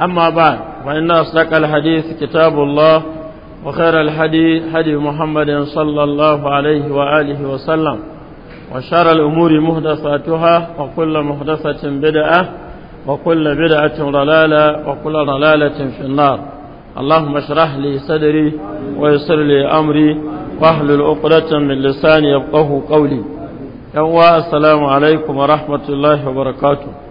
أما بعد فإن أصدق الحديث كتاب الله وخير الحديث حديث محمد صلى الله عليه وآله وسلم وشر الأمور مهدثاتها وكل مهدثة بدعة وكل بدعة ضلالة وكل ضلالة في النار اللهم اشرح لي صدري ويسر لي أمري واحلل عقدة من لساني يفقه قولي يوم السلام عليكم ورحمة الله وبركاته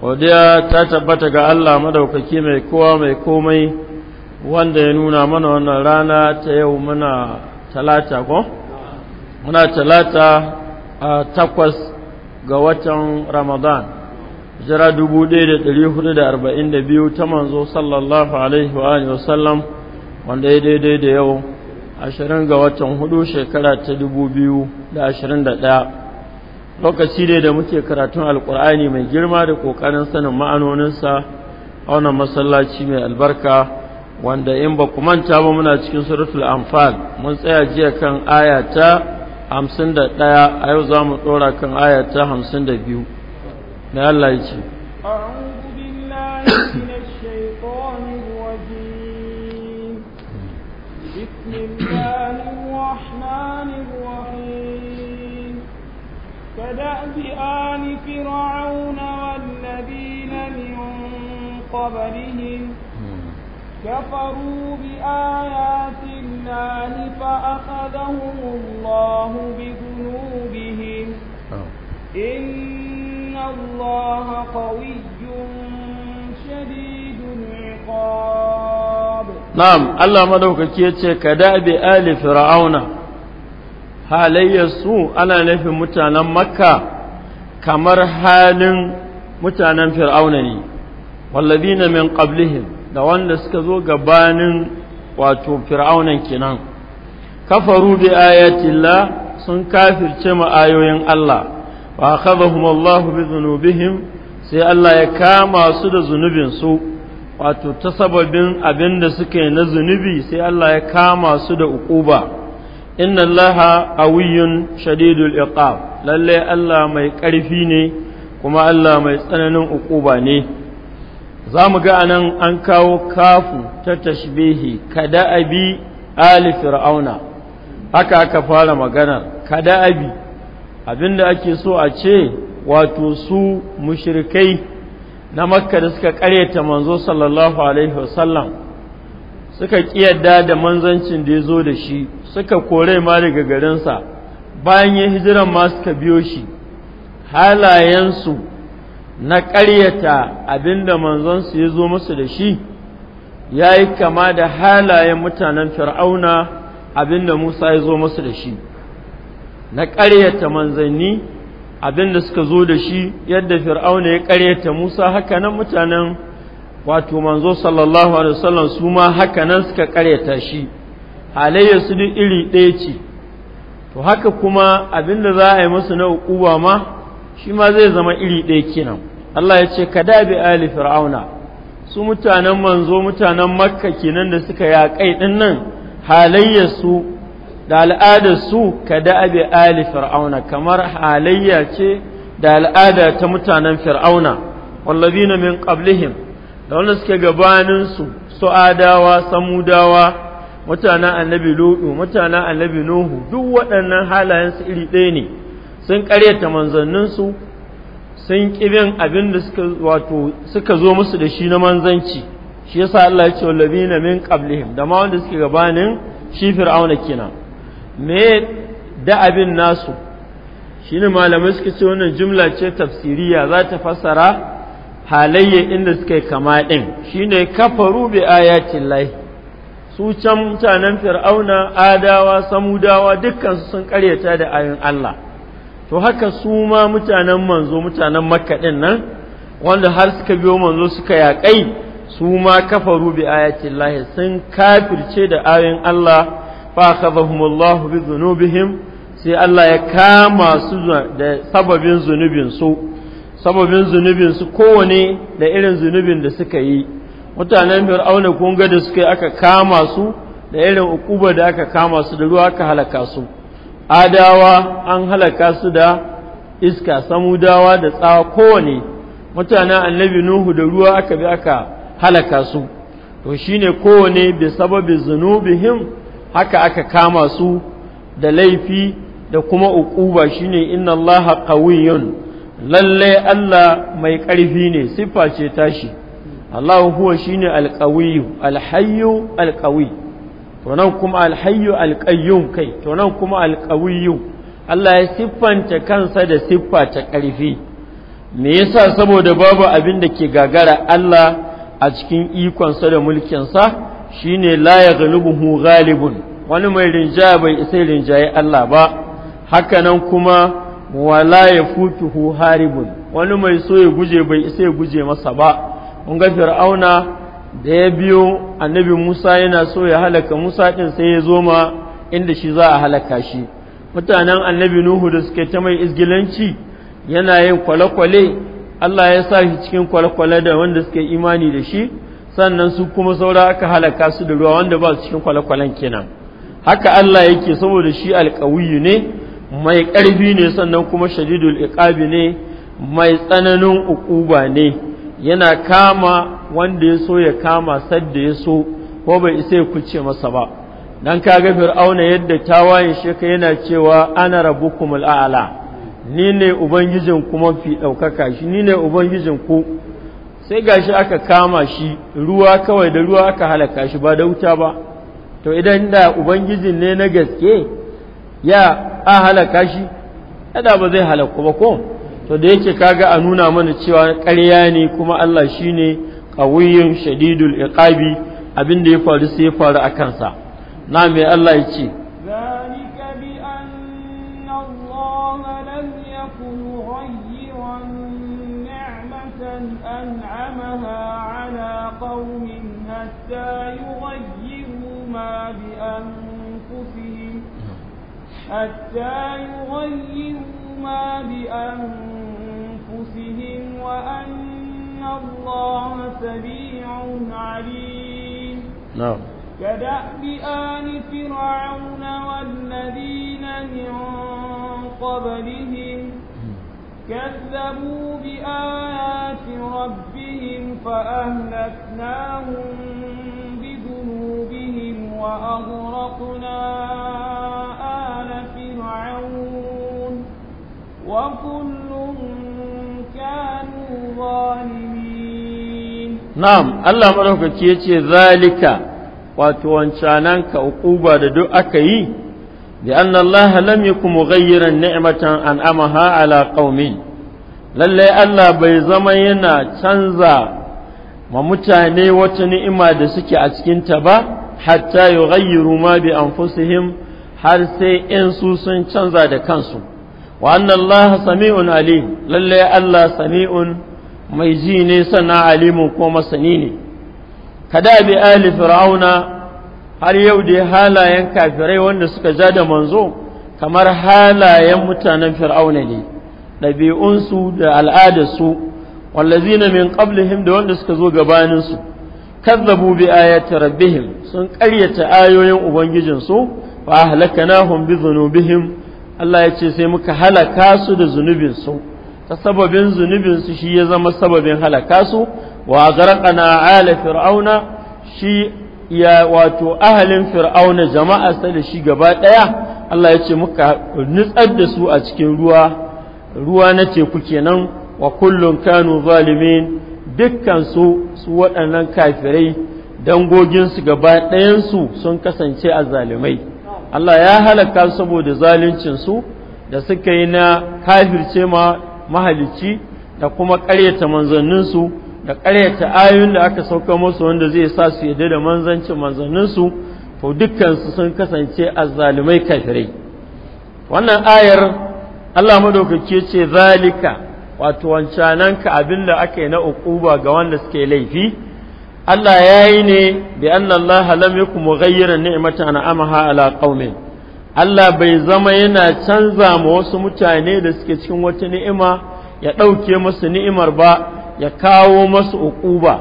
godiya ta tabbata ga Allah madaukaki mai kowa mai komai wanda ya nuna mana wannan rana ta yau muna talata ko muna talata a takwas ga watan ramadan jira 1442 ta manzo sallallahu alaihi wa alihi wasallam wanda ya daidai da yau 20 ga watan hudu shekara ta 2021 lokaci ne da muke karatun alkur'ani mai girma da kokarin sanin ma'anoninsa a wannan masallaci mai albarka wanda in ba ku manta ba muna cikin suratul anfal mun tsaya jiya kan aya ta 51 a yau za mu dora kan aya ta 52 na Allah ya ce كدأب آل فرعون والذين من قبلهم كفروا بآيات الله فأخذهم الله بذنوبهم إن الله قوي شديد العقاب نعم الله مدوكك يتشك دأب آل فرعون halayyarsu ana nufin mutanen makka kamar halin mutanen fir'auna ne wallazina min qablihim da wanda suka zo gabanin wato fir'aunan kinan kafaru bi ayatillah sun kafirce ma'ayoyin Allah wa akhadhahum Allah bi dhunubihim sai Allah ya kama su da zunubin su wato ta sababin abinda suke na zunubi sai Allah ya kama su da ukuba inna allaha awiyun shadidul iqab lalle Allah mai ƙarfi ne kuma Allah mai tsananin uquba ne za mu ga anan an kawo kafu ta tashbihi kada abi ali fir'auna haka aka fara magana kada abi abinda ake so a ce wato su mushrikai na makka da suka ƙaryata manzo sallallahu alaihi wasallam suka ƙiyarda da manzancin da ya zo da shi suka kore ma daga garinsa bayan ya hijiran ma suka biyo shi halayensu na ƙaryata abinda manzonsu ya zo musu da shi ya yi kama da halayen mutanen fir'auna abinda musa ya zo musu da shi na ƙaryata manzanni abinda suka zo da shi yadda fir'auna ya ƙaryata musa haka nan mutanen wato manzo sallallahu alaihi wasallam su ma haka nan suka ƙaryata shi halayyar su duk iri ɗaya ce to haka kuma abinda za a yi musu na uquba ma shi ma zai zama iri ɗaya kenan Allah ya ce kada bi ali fir'auna su mutanen manzo mutanen makka kenan da suka yaƙai ɗin nan halayya su da al'adar su kada bi ali fir'auna kamar halayya ce da al'ada ta mutanen fir'auna wallabina min qablihim da wanda suke gabaninsu su adawa samudawa mutanen annabi lutu mutanen annabi nuhu duk waɗannan halayensu iri ɗaya ne sun ƙaryata manzanninsu sun ƙibin abin da suka wato suka zo musu da shi na manzanci shi yasa Allah ya ce wallazina min qablihim da ma wanda suke gabanin shi fir'auna kenan me da abin nasu shine malamai suka ce wannan jumla ce tafsiriya za ta fassara halayya inda suka kama din shine kafaru bi ayatin lahi su can mutanen fir'auna adawa samudawa su sun karyata da ayin Allah to haka su ma mutanen manzo mutanen makka din nan wanda har suka biyo manzo suka yaƙai su ma kafaru bi ayatin lahi sun kafirce da ayin Allah fa Allah bi dhunubihim sai Allah ya kama su da sababin zunubin su sababin zunubin su kowane da irin zunubin da suka yi mutanen fir'auna kun ga da suka aka kama su da irin ukuba da aka kama su da ruwa aka halaka su adawa an halaka su da iska samudawa da tsawa kowane mutanen annabi nuhu da ruwa aka bi aka halaka su to shine kowane bi sababi zunubihim haka aka kama su da laifi da kuma ukuba shine inna allaha qawiyyun lalle Allah mai ƙarfi ne siffa ce tashi Allah huwa shine alqawiyyu alhayyu alqawi to nan kuma alhayyu alqayyum kai to nan kuma alqawiyyu Allah ya siffanta kansa da siffa ta ƙarfi me yasa saboda babu abin da ke gagara Allah a cikin ikonsa da mulkinsa shine la yaghlibuhu ghalibun wani mai rinjaya bai isa rinjaye Allah ba haka nan kuma wala yafutuhu haribun wani mai so ya guje bai isa ya guje masa ba mun ga fir'auna da ya biyo annabi musa yana so ya halaka musa ɗin sai ya zo ma inda shi za a halaka shi mutanen annabi nuhu da suke ta mai izgilanci yana yin kwale-kwale allah ya sa shi cikin kwale-kwale da wanda suke imani da shi sannan su kuma saura aka halaka su da ruwa wanda ba su cikin kwale-kwalen kenan haka allah yake saboda shi alkawiyu ne mai ƙarfi ne sannan kuma shadidul iqabi ne mai tsananin uquba ne yana kama wanda ya so ya kama sadda ya so ko bai isa ya kuce masa ba dan kaga fir'auna yadda tawayin sheka yana cewa ana rabbukumul a'la ni ne ubangijin kuma fi daukaka shi ni ne ubangijin ku sai gashi aka kama shi ruwa kawai da ruwa aka halaka shi ba da wuta ba to idan da ubangijin ne na gaske ya a halaka shi yada ba zai halaku ba ko to da yake kaga a nuna mana cewa ƙarya ne kuma Allah shi shine qawiyyun shadidul iqabi abin da ya faru sai ya faru a kansa na mai Allah ya ce أنعمها على حتى يغيروا الإثم بأنفسهم وأن الله سميع عليم نعم كدأب آل فرعون والذين من قبلهم كذبوا بآيات ربهم فأهلكناهم بذنوبهم وأغرقنا آل فرعون Na'am, Allah maɗaukaki ya ce, Zalika, wato wancanan ka uquba da duk aka yi, da an Allah lam yi kuma gayyiran ni'imatan an ha ala ƙaumin, lallai Allah bai zama yana canza ma mutane wata ni'ima da suke a cikinta ba, hatta yi gayyiru ma bi anfusihim har sai in su sun canza da kansu. wa annan sami'un Ali, lallai Allah sami'un mai ji ne sannan alimun ko masani ne kada bi ali fir'auna har yau da halayen kafirai wanda suka ja da manzo kamar halayen mutanen fir'auna ne ɗabi'unsu da al'adarsu wallazina min qablihim da wanda suka zo gabaninsu kazzabu bi ayati rabbihim sun ƙaryata ayoyin ubangijinsu fa ahlaknahum bi dhunubihim Allah ya ce sai muka halaka su da zunubinsu ta sababin zunubinsu shi ya zama sababin halaka su wa na ala fir'auna shi ya wato ahalin fir'auna jama'a sa da shi gaba daya Allah ya ce muka nutsar da su a cikin ruwa ruwa na teku kenan wa kullum kanu zalimin dukkan su su waɗannan kafirai dangoginsu gaba ɗayansu sun kasance a zalimai Allah ya halaka saboda zaluncin da suka yi na kafirce ma mahalicci da kuma ƙaryata manzanninsu, da ƙaryata ayoyin da aka sauka musu wanda zai sa su yadda da manzancin manzanninsu, ko to sun kasance azzalumai kafirai wannan ayar Allah madaukake ce zalika wato wancananka abin da aka yi na uquba ga wanda suke laifi Allah ya yi ne bi anna Allah lam yakum nimata ni'matan an'amaha ala qaumin Allah bai zama yana canza ma wasu mutane da suke cikin wata ni'ima ya ɗauke masu ni'imar ba ya kawo masu uquba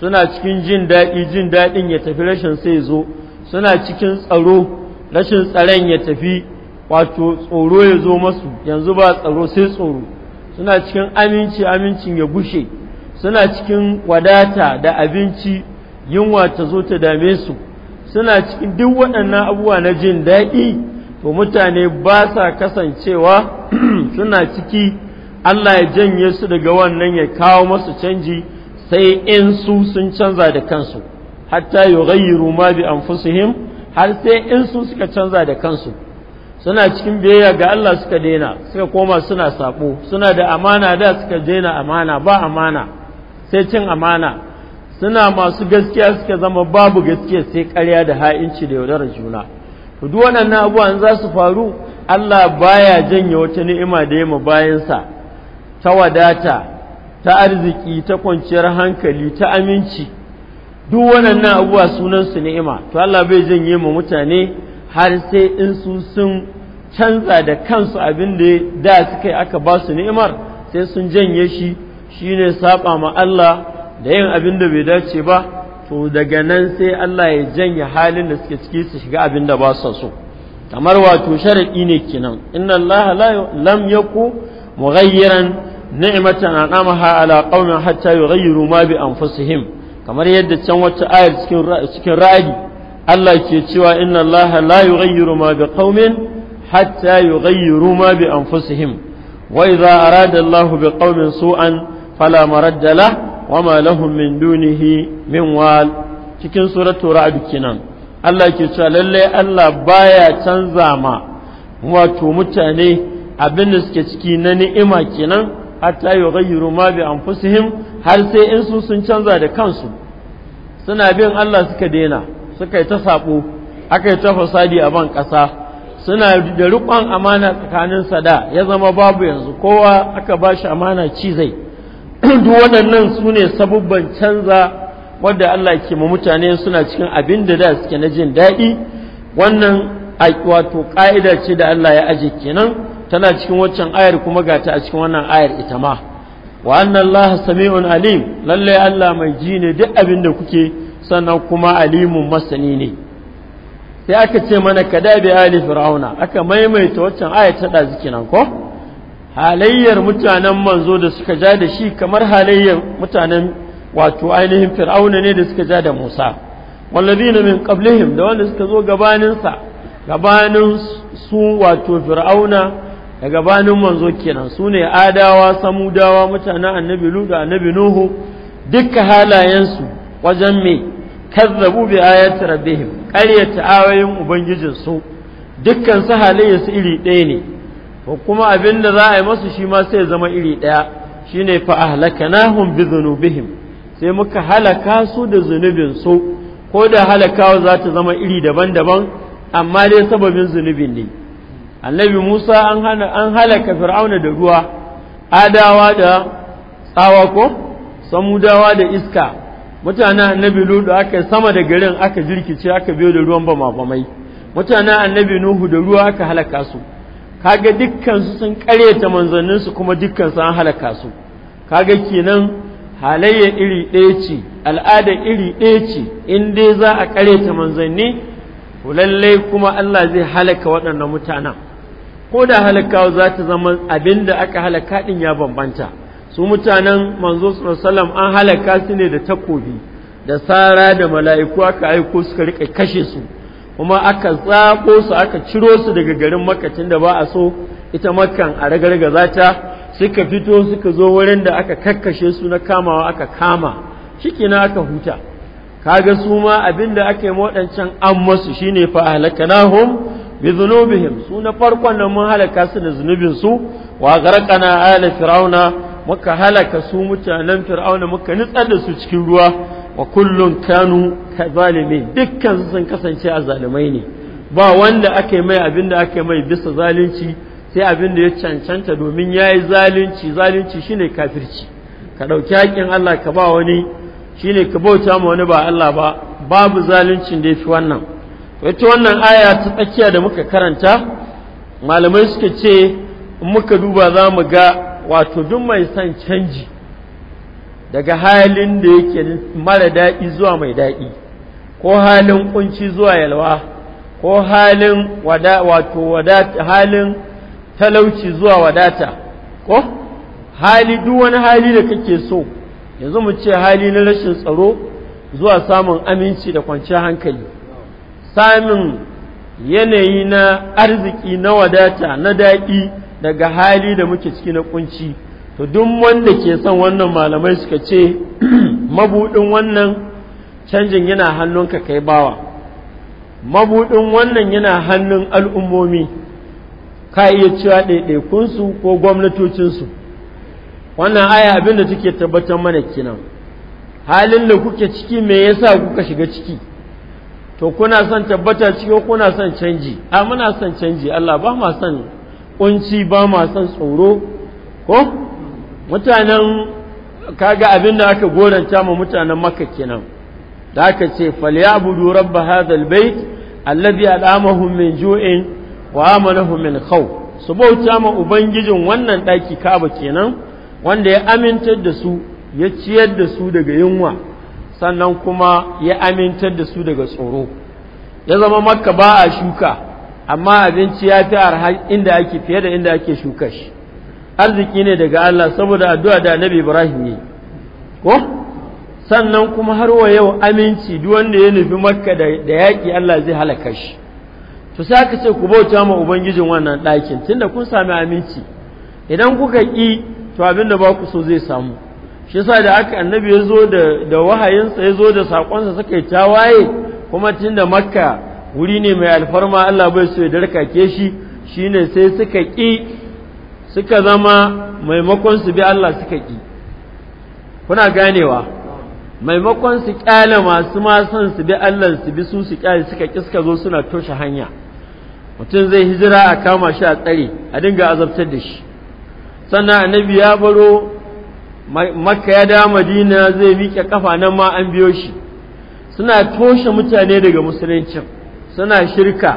suna cikin jin daɗi jin daɗin ya tafi rashin sai zo suna cikin tsaro rashin tsaron ya tafi wato tsoro ya zo masu yanzu ba tsaro sai tsoro suna cikin aminci amincin ya gushe suna cikin wadata da abinci yunwa ta zo ta dame su suna cikin duk waɗannan abubuwa na jin daɗi to mutane ba sa kasancewa suna ciki Allah ya janye su daga wannan ya kawo masu canji sai in su sun canza da kansu hatta yughayyiru ma bi anfusihim har sai in su suka canza da kansu suna cikin biyayya ga Allah suka daina suka koma suna sabo suna da amana da suka daina amana ba amana sai cin amana suna masu gaskiya suka zama babu gaskiya sai karya da ha'inci da yaudarar juna to duk waɗannan abubuwan za su faru Allah baya janye wata ni'ima da yamma bayansa ta wadata ta arziki ta kwanciyar hankali ta aminci duk waɗannan abubuwa sunan su ni'ima to Allah bai janye ma mutane har sai in su sun canza da kansu abin da da suka yi aka ba su ni'imar sai sun janye shi Shi ne saba ma Allah da yin abin da bai dace ba to daga nan sai Allah ya janye halin da suke ciki su shiga abin da ba su so kamar wato sharadi ne kenan inna Allah lam yaku mughayyiran ni'matan an'amaha ala qaumin hatta yughayyiru ma bi anfusihim kamar yadda can wata ayar cikin ra'adi Allah ke cewa inna Allah la yughayyiru ma bi qaumin hatta yughayyiru ma bi anfusihim wa idza arada Allah bi qaumin su'an فلا مرد له وما لهم من min من وال cikin suratul ra'd kenan Allah ke cewa lalle Allah baya canza ma wato mutane abin da suke ciki na ni'ima kenan hatta yughayyiru ma bi anfusihim har sai in su sun canza da kansu suna bin Allah suka daina suka yi ta sabo aka yi ta fasadi a ban ƙasa suna da riƙon amana tsakanin sada ya zama babu yanzu kowa aka bashi amana ci zai duk waɗannan su ne sabubban canza wadda Allah ke ma mutane suna cikin abin da da suke na jin daɗi wannan wato ƙa'ida ce da Allah ya aje kenan tana cikin waccan ayar kuma ga ta a cikin wannan ayar ita ma wa annan Allah sami'un alim lallai Allah mai ji ne duk abin da kuke sannan kuma alimun masani ne sai aka ce mana kada bi ali fir'auna aka maimaita waccan ayar ta ɗazi kenan ko halayyar mutanen manzo da suka ja da shi kamar halayyar mutanen wato ainihin fir'auna ne da suka ja da musa wallazina min qablihim da wanda suka zo sa gabanin su wato fir'auna da gabanin manzo kenan su ne adawa samudawa mutanen annabi lu da annabi nuhu dukkan halayensu wajen me kazzabu bi ayati rabbihim qaryata ayoyin ubangijinsu dukkan su halayyarsu iri ɗaya ne ko kuma abin da za a yi masu shi ma sai zama iri ɗaya shine fa nahun bi dhunubihim sai muka halaka su da zunubin su ko da halakawa za ta zama iri daban-daban amma dai sababin zunubin ne annabi Musa an hana an halaka fir'auna da ruwa adawa da tsawa ko samudawa da iska mutanen annabi ludu aka sama da garin aka jirkice aka biyo da ruwan bama bamai mutanen annabi Nuhu da ruwa aka halaka su kaga dukkan su sun karyata manzannin su kuma dukkan an halaka su kaga kenan halayya iri ɗaya ce al'ada iri ɗaya ce in dai za a ta manzanni lallai kuma Allah zai halaka waɗannan mutanen ko da halakawa za ta zama abin da aka halaka ɗin ya bambanta su mutanen manzo sallam an halaka su ne da takobi da sara da mala'iku aka aiko suka riƙa kashe su kuma aka tsako su aka ciro su daga garin makacin da ba a so ita makan a ragargaza ta suka fito suka zo wurin da aka kakkashe su na kamawa aka kama shikenan aka huta kaga su ma abin da aka yi waɗancan an masu ne fa ahlakanahum bi zunubihim su na farkon nan mun halaka su da zunubin su wa gharqana ala fir'auna muka halaka su mutanen fir'auna muka nitsar da su cikin ruwa wa kullun kanu zalimi dukkan sun kasance a zalimai ne ba wanda aka yi mai abin da aka yi mai bisa zalunci sai abin da ya cancanta domin ya yi zalunci zalunci shine kafirci ka ɗauki haƙƙin Allah ka ba wani shi ne ka bauta ma wani ba Allah ba babu zaluncin da ya fi wannan wata wannan aya ta tsakiya da muka karanta malamai suka ce in muka duba za mu ga wato duk mai son canji daga halin da yake mara daɗi zuwa mai daɗi ko halin kunci zuwa yalwa ko halin wato wadata halin talauci zuwa wadata ko hali duk wani hali da kake so yanzu mu ce hali na rashin tsaro zuwa samun aminci da kwanciyar hankali samun yanayi na arziki na wadata na daɗi daga hali da muke ciki na kunci to duk wanda ke son wannan malamai suka ce mabudin wannan canjin yana hannunka kai bawa mabudin wannan yana hannun al'ummomi ka iya cewa ɗaiɗaikunsu ko gwamnatocinsu wannan aya abinda take tabbatar mana kinan. halin da kuke ciki me yasa kuka shiga ciki to kuna son tabbata ko kuna son canji a muna son canji Allah ba ma son kunci ba ma son tsoro ko mutanen kaga abin da aka goranta ma mutanen makka kenan da aka ce falyabudu rabba hadhal bait alladhi al'amahum min ju'in wa amalahum min khawf su bauta ma ubangijin wannan daki kaba kenan wanda ya amintar da su ya ciyar da su daga yunwa sannan kuma ya amintar da su daga tsoro ya zama makka ba a shuka amma abinci ya fi arha inda ake fiye da inda ake shuka shi arziki ne daga Allah saboda addu'a da annabi Ibrahim ne ko sannan kuma har wa yau aminci duk wanda ya nufi makka da yaƙi Allah zai halaka shi to sai aka ce ku bauta ma ubangijin wannan ɗakin tunda kun sami aminci idan kuka ƙi to abin da ba ku so zai samu shi yasa da aka annabi ya zo da da wahayinsa ya zo da saƙonsa suka yi tawaye kuma tunda makka wuri ne mai alfarma Allah bai so ya darkake shi shine sai suka ƙi suka zama maimakon su bi Allah suka ƙi kuna ganewa maimakon su ƙyale masu ma son su bi Allah su bi su su ƙyale suka ƙi suka zo suna toshe hanya mutum zai hijira a kama shi a tsare a dinga azabtar da shi sannan annabi ya baro makka ya da madina zai miƙe kafa nan ma an biyo shi suna toshe mutane daga musuluncin suna shirka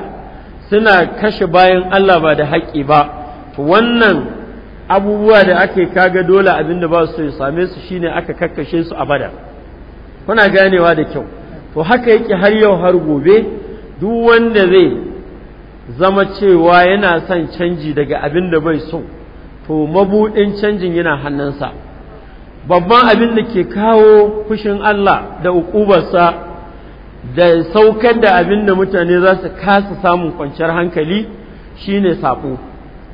suna kashe bayan Allah ba da haƙƙi ba to wannan abubuwa da ake kaga dole abinda ba su ya same su shine aka kakkashe su a bada kuna ganewa da kyau to haka yake har yau har gobe duk wanda zai zama cewa yana son canji daga abinda bai so to mabuɗin canjin yana hannunsa babban abin da ke kawo fushin Allah da uƙubarsa da saukar da abin da mutane za su kasa samun kwanciyar hankali shine saƙo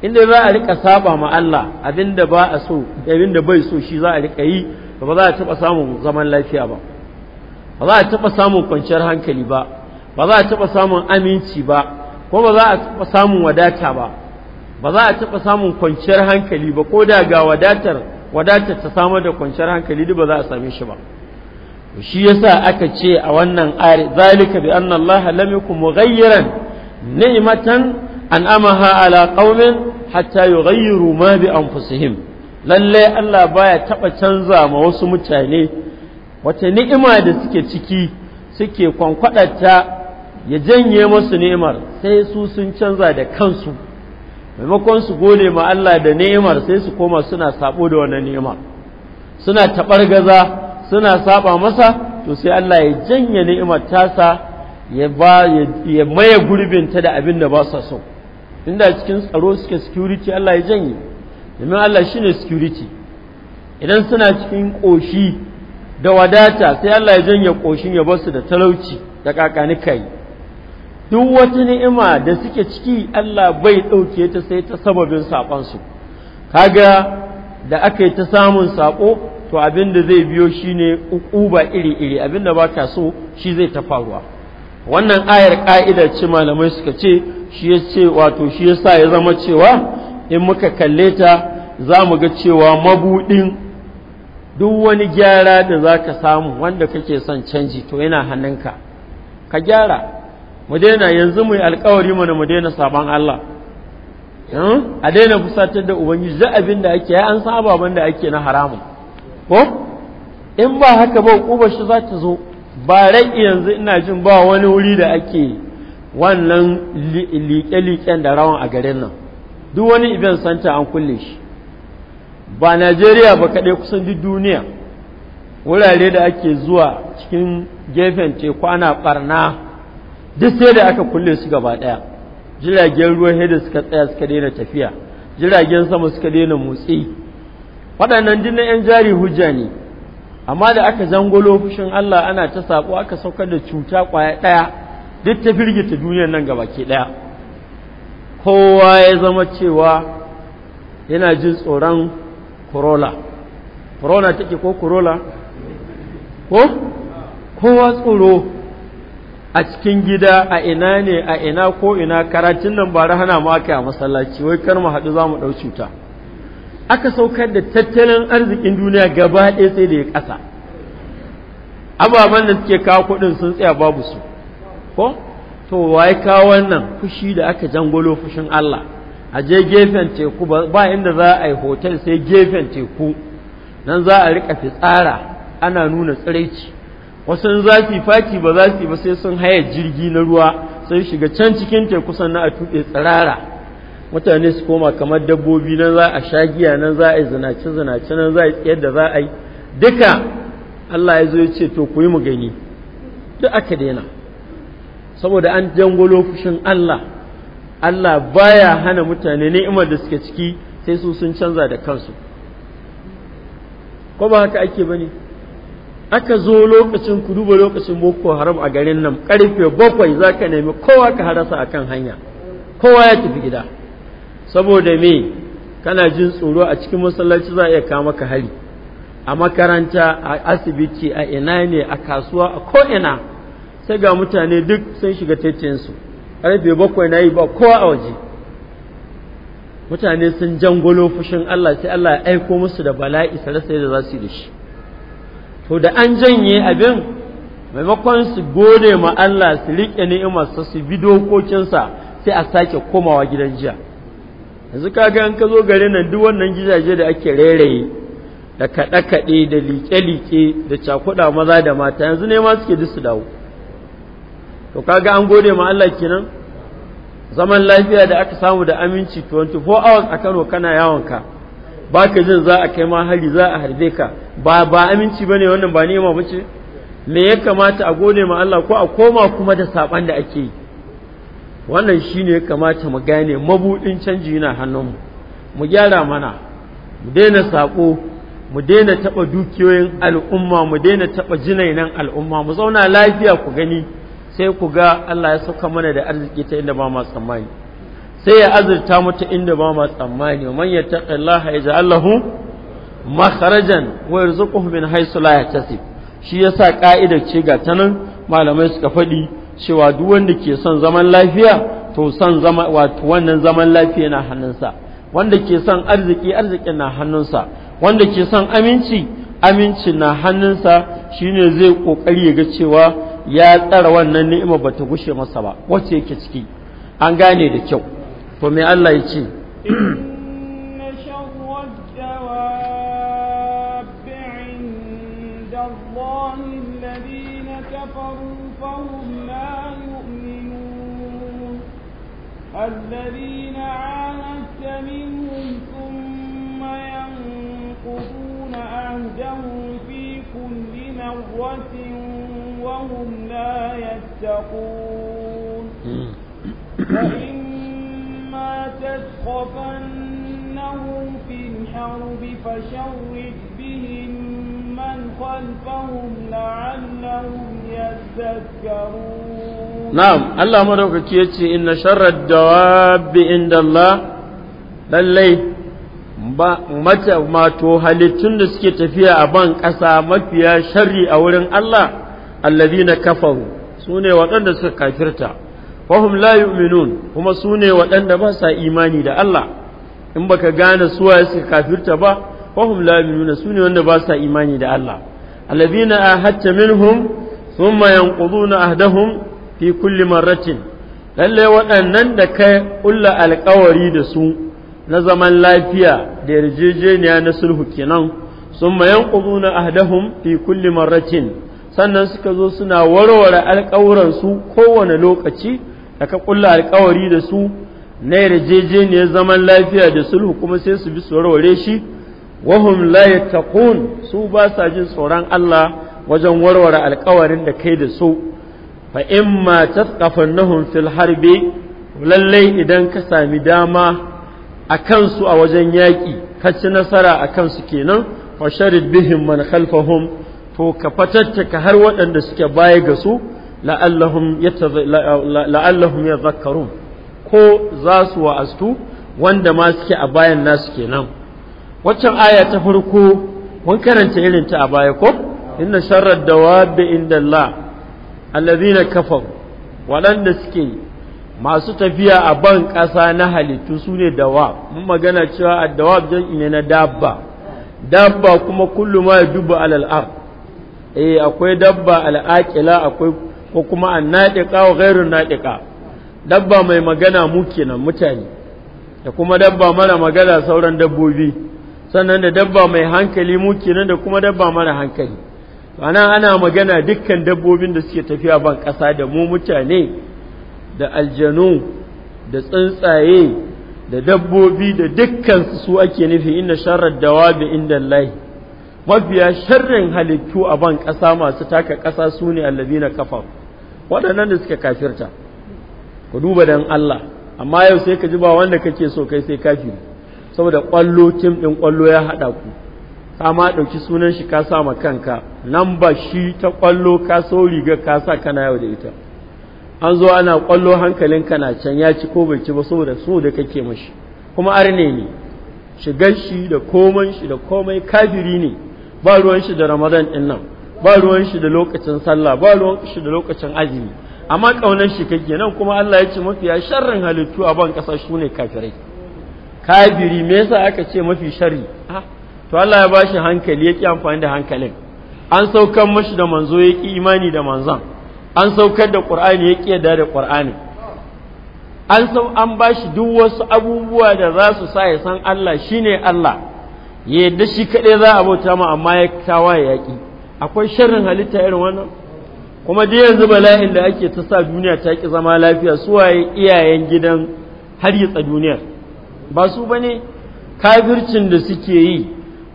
inda za a rika saba ma Allah abinda ba a so abinda bai so shi za a rika yi ba za a taba samun zaman lafiya ba ba za a taba samun kwanciyar hankali ba ba za a taba samun aminci ba ko ba za a taba samun wadata ba ba za a taba samun kwanciyar hankali ba ko da ga wadatar wadatar ta samar da kwanciyar hankali duk ba za a same shi ba shi yasa aka ce a wannan ayar zalika bi anna Allah lam yakum mughayyiran ni'matan an'amaha ala qaumin hatta yughayyiru ma bi anfusihim lalle Allah baya taba canza ma wasu mutane wata ni'ima da suke ciki suke kwankwaɗata ya janye musu ni'imar sai su sun canza da kansu maimakon su gode ma Allah da ni'imar sai su koma suna sabo da wannan ni'imar suna gaza, suna saba masa to sai Allah ya janye ni'imar tasa ya maye gurbinta da abin da ba sa so inda cikin tsaro suke security Allah ya janye domin Allah shi ne security idan suna cikin ƙoshi da wadata sai Allah ya janye ƙoshin ya basu da talauci da kai duk wata ni'ima da suke ciki Allah bai ɗauke ta sai ta sababin saƙonsu kaga da aka yi ta samun saƙo to abin da zai biyo shine ba iri-iri abin da ba ka so shi zai ta faruwa wannan ayar ka'ida ce malamai suka ce shi ya ce wato shi ya sa ya zama cewa in muka kalle ta za mu ga cewa mabuɗin duk wani gyara da za ka samu wanda kake son canji to yana hannunka ka gyara mu daina yanzu mu yi alkawari mana mu daina sabon Allah hmm? a daina fusatar da ubangiji za abin da ake an san ababen da ake na haramun ko in ba haka ba ƙubar shi za ta zo ba rai yanzu ina jin ba wani wuri da ake wannan liƙe-liƙen da rawan a garin nan duk wani event santa an kulle shi ba najeriya ba kaɗai kusan duk duniya wurare da ake zuwa cikin gefen teku ana ɓarna duk sai da aka kulle su gaba ɗaya jiragen ruwa da suka tsaya suka daina tafiya jiragen sama suka daina motsi waɗannan duk na 'yan jari hujja ne amma da aka zangolo fushin Allah ana ta sako aka saukar da cuta kwaya ɗaya duk ta firgita duniyar nan gabaki daya kowa ya zama cewa yana jin tsoron corona corona take ko corona ko kowa tsoro a cikin gida a ina ne a ina ko ina karatun nan ba hana maka a masallaci wai kar mu haɗu za mu ɗau cuta aka saukar da tattalin arzikin duniya gaba ɗaya sai da ya ƙasa ababen da suke kawo kuɗin sun tsaya babu su ko to waye kawo wannan fushi da aka jangolo fushin Allah a je gefen teku ba inda za a yi hotel sai gefen teku nan za a riƙa fitsara ana nuna tsiraici wasu za su faki ba za su yi ba sai sun haya jirgi na ruwa sai shiga can cikin teku sannan a tuɗe tsirara mutane su koma kamar dabbobi nan za a shagiya nan za a yi zinace zinace nan za a yi tsayar za a yi duka Allah ya zo ya ce to ku yi mu gani duk aka daina saboda an jangolo fushin Allah Allah baya hana mutane ni'imar da suke ciki sai su sun canza da kansu ko ba haka ake bane aka zo lokacin ku duba lokacin boko haram a garin nan karfe bakwai za ka nemi kowa ka harasa akan hanya kowa ya tafi gida saboda me kana jin tsoro a cikin masallaci za a iya kawo maka hari a makaranta a asibiti a ina ne a kasuwa a ko ina sai ga mutane duk sun shiga taitayensu karfe bakwai na yi ba kowa a waje mutane sun jangolo fushin Allah sai Allah ya aiko musu da bala'i sai da za su yi da shi to da an janye abin maimakon su gode ma Allah su riƙe ni'imar su bi dokokinsa sai a sake komawa gidan jiya yanzu kaga an ka zo gare nan duk wannan gidaje da ake rairaye da kaɗe-kaɗe da liƙe-liƙe da cakuɗa maza da mata yanzu ne ma suke duk su dawo to kaga an gode ma Allah kenan zaman lafiya da aka samu da aminci 24 hours a Kano kana yawon ka ba ka jin za a kai ma hari za a harbe ka ba ba aminci ne wannan ba ne ma bace me ya kamata a gode ma Allah ko a koma kuma da saɓan da ake yi wannan shine ya kamata mu gane mabudin canji yana hannunmu mu gyara mana mu daina sako mu daina taɓa dukiyoyin al'umma mu daina taɓa jinainan al'umma mu zauna lafiya ku gani sai ku ga Allah ya sauka mana da arziki ta inda ba ma tsammani sai ya azurta mu ta inda ba ma tsammani man yattaqillaha yaj'al lahu makharajan wa yarzuquhu min haythu la yahtasib shi yasa ka'idar ce ga tanan malamai suka faɗi cewa duk wanda ke son zaman lafiya to son zama wato wannan zaman lafiya na hannunsa wanda ke son arziki arziki na hannunsa wanda ke son aminci aminci na hannunsa shine zai kokari ya ga cewa ya tsara wannan ni'ima bata gushe masa ba wacce yake ciki an gane da kyau to me Allah ya ce الذين عاهدت منهم ثم ينقضون عهدهم في كل مرة وهم لا يتقون فإما تثقفنهم في الحرب فشرد بهم ومن خلفهم لعلهم يذكرون نعم الله مدوكك يتي إن شر الدواب عند الله mata mato halittun da suke tafiya a ban ƙasa mafiya sharri a wurin Allah na kafaru ne waɗanda suka kafirta fahum la yu'minun kuma sune waɗanda ba sa imani da Allah in baka gane suwaye suka kafirta ba wahum la yu'minuna sune wanda ba sa imani da Allah alladhina ahatta minhum thumma yanquduna ahdahum fi kulli marratin lalle waɗannan da ka ƙulla alƙawari da su na zaman lafiya da yarjejeniya na sulhu kenan thumma yanquduna ahdahum fi kulli marratin sannan suka zo suna warware alƙawuran su kowane lokaci da ka ƙulla alƙawari da su na yarjejeniyar zaman lafiya da sulhu kuma sai su bi su warware shi wahum la yattaqun su basa jin tsoron Allah wajen warware alkawarin da kai da su fa imma tasqafannahum fil harbi lallai idan ka sami dama a kansu a wajen yaƙi ka ci nasara a kansu kenan fa sharid bihim man khalfahum to ka fatattaka har waɗanda suke baya ga su la'allahum ya yadhakkarun ko za su wa'astu wanda ma suke a bayan nasu kenan waccan aya ta farko mun karanta irin ta a baya ko inna sharar dawabi inda Allah allazina kafar waɗanda suke masu tafiya a ban ƙasa na halittu su ne dawa mun magana cewa a dawa jam'i ne na dabba dabba kuma kullum ma ya duba alal eh akwai dabba al'aqila akwai ko kuma naɗiƙa wa ghairu naɗiƙa. dabba mai magana muke mutane da kuma dabba mara magana sauran dabbobi sannan da dabba mai hankali muke nan da kuma dabba mara hankali ana ana magana dukkan dabbobin da suke tafiya ban ƙasa da mu mutane da aljanu da tsuntsaye da dabbobi da dukkan su ake nufi inna sharar dawabi inda Allah mafiya sharrin halittu a ban ƙasa masu taka ƙasa su ne na kafa waɗannan da suka kafirta ku duba dan Allah amma yau sai ka ji ba wanda kake so kai sai kafiri saboda ƙwallo tim ɗin ƙwallo ya haɗa ku ka ma ɗauki sunan shi ka sa ma kanka lamba shi ta ƙwallo ka so riga ka sa kana yau da ita an zo ana ƙwallo hankalin kana can ya ci ko bai ci ba saboda so da kake mashi kuma arne ne shigar shi da komai shi da komai kafiri ne ba ruwan shi da ramadan ɗin nan ba ruwan shi da lokacin sallah ba ruwan shi da lokacin azumi amma ƙaunar shi kake nan kuma Allah ya ce mafiya sharrin halittu a ban ƙasa su kafirai kafiri me yasa aka ce mafi shari ah, to Allah ya bashi hankali ya amfani da hankalin an saukar mashi da manzo ya imani da manzon an saukar da qur'ani ya ki yadda da qur'ani an sau an bashi duk wasu abubuwa da za su sa ya san Allah shine Allah ya yadda shi kaɗai za a bauta ma amma ya tawa ya yaƙi akwai sharrin halitta irin wannan kuma dai yanzu bala'in da ake ta sa duniya ta ki zama lafiya suwaye iyayen gidan har yatsa duniyar ba su ba ne kafircin da suke yi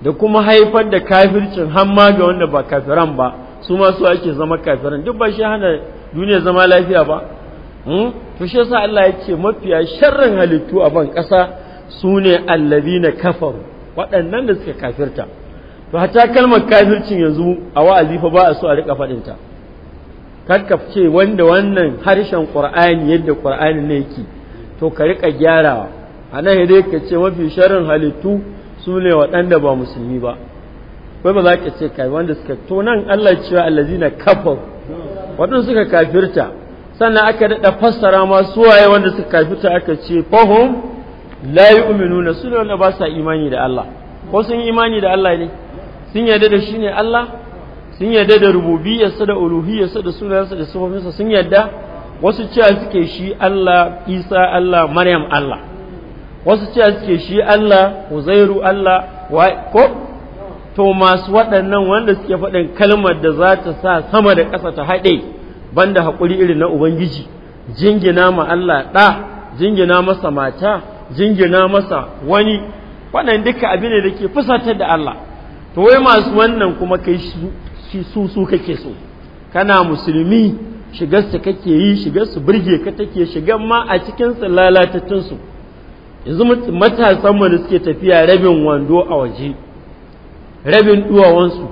da kuma haifar da kafircin hamma ga wanda ba kafiran ba su ma ake zama kafiran duk ba shi hana duniya zama lafiya ba hmm? to shi yasa Allah ya ce mafiya sharrin halittu a ban ƙasa su ne na kafar waɗannan da suka kafirta to hatta kalmar kafircin yanzu a wa'azi fa ba a so a rika faɗin ta ce wanda wannan harshen qur'ani yadda qur'ani ne yake to ka rika gyarawa a nan dai ka ce mafi sharin halittu su ne waɗanda ba musulmi ba kai ba za ka ce kai wanda suka to nan Allah cewa allazina kafar waɗanda suka kafirta sannan aka daɗa fassara ma su waye wanda suka kafirta aka ce fahim la na su ne wanda ba sa imani da Allah ko sun yi imani da Allah ne sun yarda da shi ne Allah sun yarda da rububiyarsa da uluhiyarsa da sunayensa da sifofinsa sun yarda wasu cewa suke shi Allah Isa Allah Maryam Allah wasu ce ce shi Allah zairu Allah ko to masu waɗannan wanda suke faɗin kalmar da za ta sa sama da ƙasa ta haɗe banda haƙuri irin na ubangiji jingina ma Allah ɗa jingina masa mata jingina masa wani waɗanda duka abin da ke fusatar da Allah to wai masu wannan kuma kai su su kake so kana musulmi shigar su kake yi shigar su birge ka take shigar ma a cikin su lalatattun su yanzu matasan mu da suke tafiya rabin wando a waje rabin duwawansu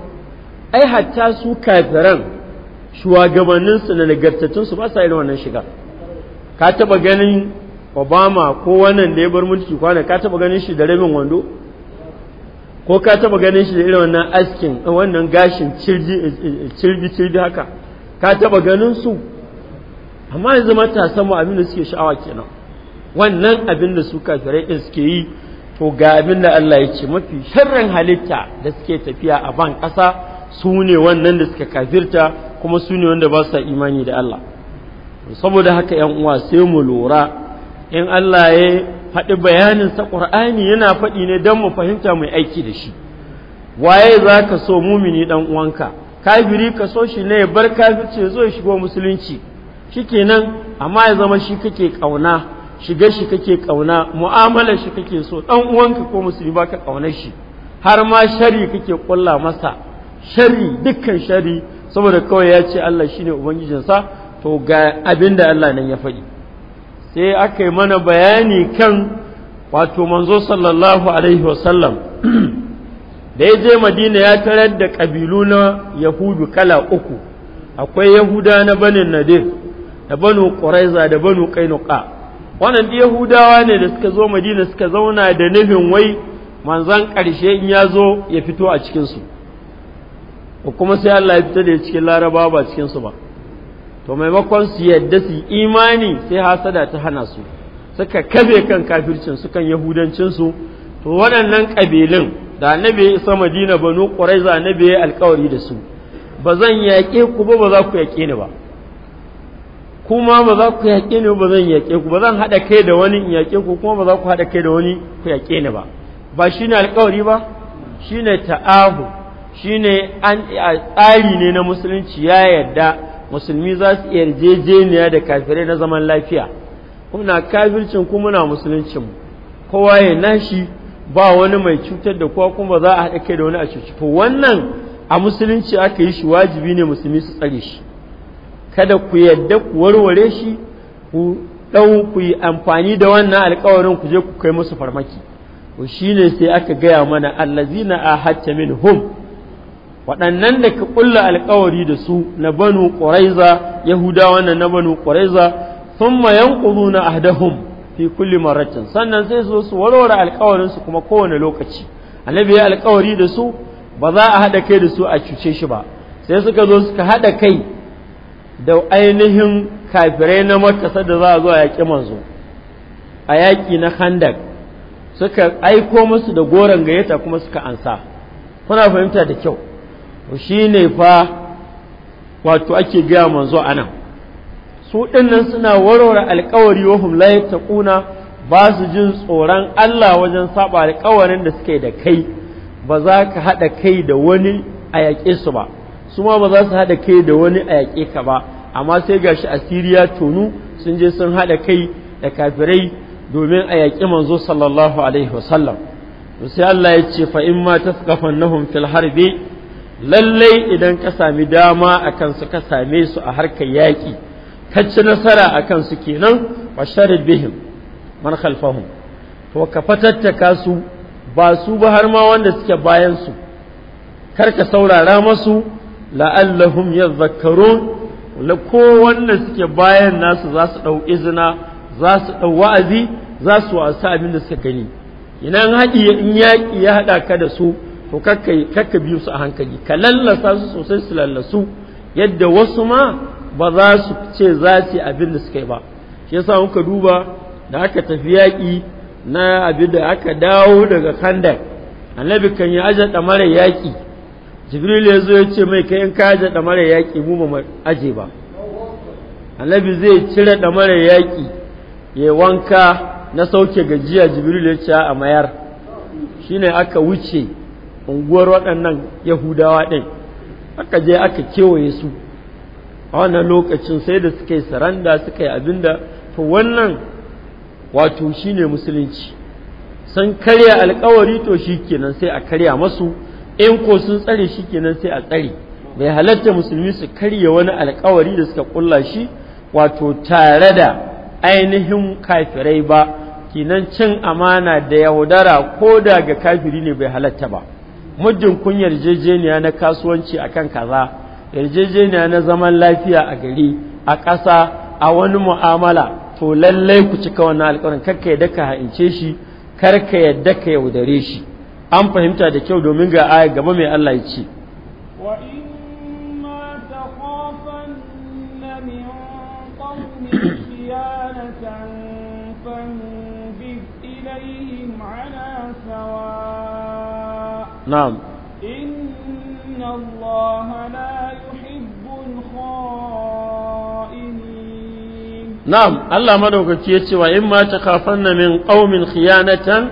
ai hatta su kafiran shugabanninsu na nagartattunsu ba sa irin wannan shiga ka taba ganin obama ko wannan da ya bar mulki kwana ka taba ganin shi da rabin wando ko ka taba ganin shi da irin wannan askin wannan gashin cirbi-cirbi eh, eh, haka ka taba ganin su amma yanzu matasan mu abin da suke sha'awa kenan wannan abin da su kafirai ɗin suke yi to ga abin da Allah ya ce mafi sharran halitta da suke tafiya a ban ƙasa su ne wannan da suka kafirta kuma su ne wanda ba sa imani da Allah saboda haka ‘yan uwa sai mu lura in Allah ya faɗi bayanin sa ƙur'ani yana faɗi ne don mu fahimta mai aiki da shi waye za ka so mumini ɗan uwanka kafiri ka so shi ne bar kafirci zo ya shigo musulunci Shi shikenan amma ya zama shi kake ƙauna shiga shi kake kauna mu'amalar shi kake so ɗan uwanka ko musulmi baka kaunar shi har ma shari kake kulla masa shari dukkan shari saboda kawai ya ce Allah shine ubangijinsa to ga abinda Allah nan ya faɗi sai aka yi mana bayani kan wato manzo sallallahu alaihi wasallam da ya je madina ya tarar da ƙabilu na yahudu kala uku akwai yahuda na banin nadir da banu Quraiza da banu kainuka wannan da yahudawa ne da suka zo madina suka zauna da nufin wai manzan ƙarshe in ya zo ya fito a cikinsu kuma sai Allah ya fita da ya cikin laraba ba cikinsu ba to maimakon su yadda su imani sai hasada ta hana su suka kabe kan kafircin su kan yahudancinsu to waɗannan ƙabilun da annabi ya isa madina banu ƙuraiza annabi ya alƙawari da su ba zan yaƙe ku ba ba za ku yaƙe ni ba kuma ba za ku yaƙe ni ba zan yaƙe ku ba zan haɗa kai da wani in yaƙe ku kuma ba za ku haɗa kai da wani ku yaƙe ni ba ba shi ne alƙawari ba shi ne ta'ahu shi ne tsari ne na musulunci ya yarda musulmi za su iya yarjejeniya da kafirai na zaman lafiya kuna kafircin na muna musuluncin kowa ya nashi ba wani mai cutar da kowa kuma ba za a haɗa kai da wani a cuci wannan a musulunci aka yi shi wajibi ne musulmi su tsare shi kada ku yadda ku warware shi ku ɗau ku yi amfani da wannan alkawarin ku je ku kai musu farmaki to shine sai aka gaya mana allazina min hum. waɗannan da ka ƙulla alkawari da su na banu ƙuraiza yahudawa na na banu ƙuraiza sun mayan ahdahum fi kulli maratin sannan sai su su warware su kuma kowane lokaci annabi ya alkawari da su ba za a haɗa kai da su a cuce shi ba sai suka zo suka haɗa kai da ainihin kafirai na makasa da za a zo a yaƙi manzo a yaƙi na handak suka aiko musu da goron gayyata kuma suka ansa kuna fahimta da kyau shi ne fa wato ake gaya manzo a nan su ɗinnan suna warware alkawari wahum ta ƙuna, ba su jin tsoron Allah wajen saba alkawarin da suke da kai ba za ka haɗa kai da wani a yaƙe su ba su ma ba za su haɗa kai da wani a yaƙe ka ba amma sai gashi asiriya tonu sun je sun haɗa kai da kafirai domin a yaƙi manzo sallallahu alaihi wasallam to sai Allah ya ce fa in ma tasqafannahum fil harbi lallai idan ka sami dama akan su ka same su a harkar yaƙi ka ci nasara akan su kenan wa sharid bihim man khalfahum to ka fatattaka su ba su ba har ma wanda suke bayan su kar ka saurara masu la'allahum yadhakkarun ko wanda suke bayan nasu za su ɗau izina za su ɗau wa'azi za su wasa abin da suka gani idan haɗi in yaƙi ya haɗa ka da su to kakka biyu su a hankali ka lallasa su sosai su lallasu yadda wasu ma ba za su ce za su yi abin da suka yi ba shi yasa muka duba da aka tafi yaƙi na abin da aka dawo daga kandar annabi kan yi ajaɗa mara yaƙi jibril ya zo ya ce mai kai in da damarar ɗamarar yaƙi mu ba aje ba annabi zai cire ɗamarar yaƙi ya wanka na sauke gajiya jibril ya ce a mayar shine aka wuce unguwar waɗannan yahudawa ɗin aka je aka kewaye su a wannan lokacin sai da suka yi saranda suka yi abinda to wannan wato shine musulunci sun karya alkawari to shikenan sai a karya masu in ko sun tsare shi kenan sai a tsare bai halatta musulmi su karya wani alkawari da suka kulla shi wato tare da ainihin kafirai ba kinan cin amana da yaudara ko da ga kafiri ne bai halatta ba muddin kun yarjejeniya na kasuwanci akan kaza yarjejeniya na zaman lafiya a gari a ƙasa a wani mu'amala to lallai ku cika wannan alƙawarin karka yadda ka ha'ince shi karka yadda ka yaudare shi an fahimta da kyau domin ga aya gaba mai Allah ya ce Na'am. Allah la yuhibbul Na'am, Allah madaukaki ya ce wa in ma takhafanna min ƙaumin khiyanatan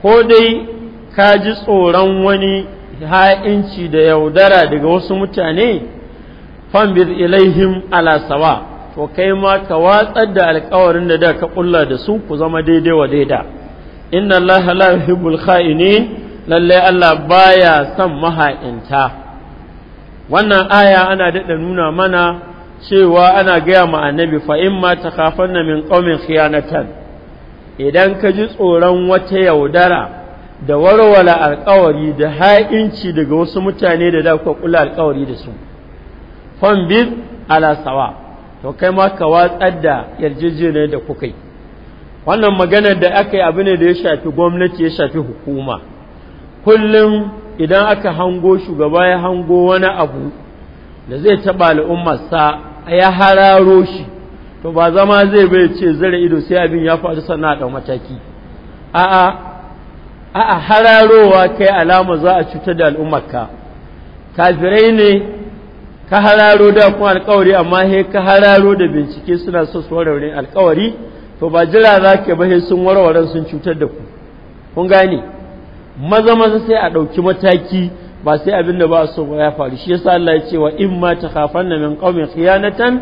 ko dai ka ji tsoron wani ha'inci da yaudara daga wasu mutane fambir ilaihim ala sawa to kai ma ka watsar da alkawarin da da ka kulla da su ku zama daidai wa daida inna allaha la yuhibbul kha'inin lalle Allah baya son maha'inta wannan aya ana daɗa nuna mana cewa ana gaya ma annabi fa in ma takhafanna min qaumin khiyanatan idan ka ji tsoron wata yaudara da warwala alkawari da ha'inci daga wasu mutane da da kuka kula alkawari da su fambid ala sawa to kai ma ka watsar da yarjejeniyar da kuka wannan maganar da aka yi abu ne da ya shafi gwamnati ya shafi hukuma kullum idan aka hango shugaba ya hango wani abu da zai taɓa al'ummarsa ya hararo shi to ba zama zai bai ce zara ido sai abin ya faru sannan a mataki a'a a'a hararowa kai alama za a cutar da al'ummarka kafirai ne ka hararo da kuma alkawari amma he ka hararo da bincike suna so su warware alkawari to ba jira za ka ba he sun warware sun cutar da ku kun gane maza maza sai a ɗauki mataki ba sai abin da ba a so ba ya faru shi yasa Allah ya ce wa in ma takhafanna min qaumin khiyanatan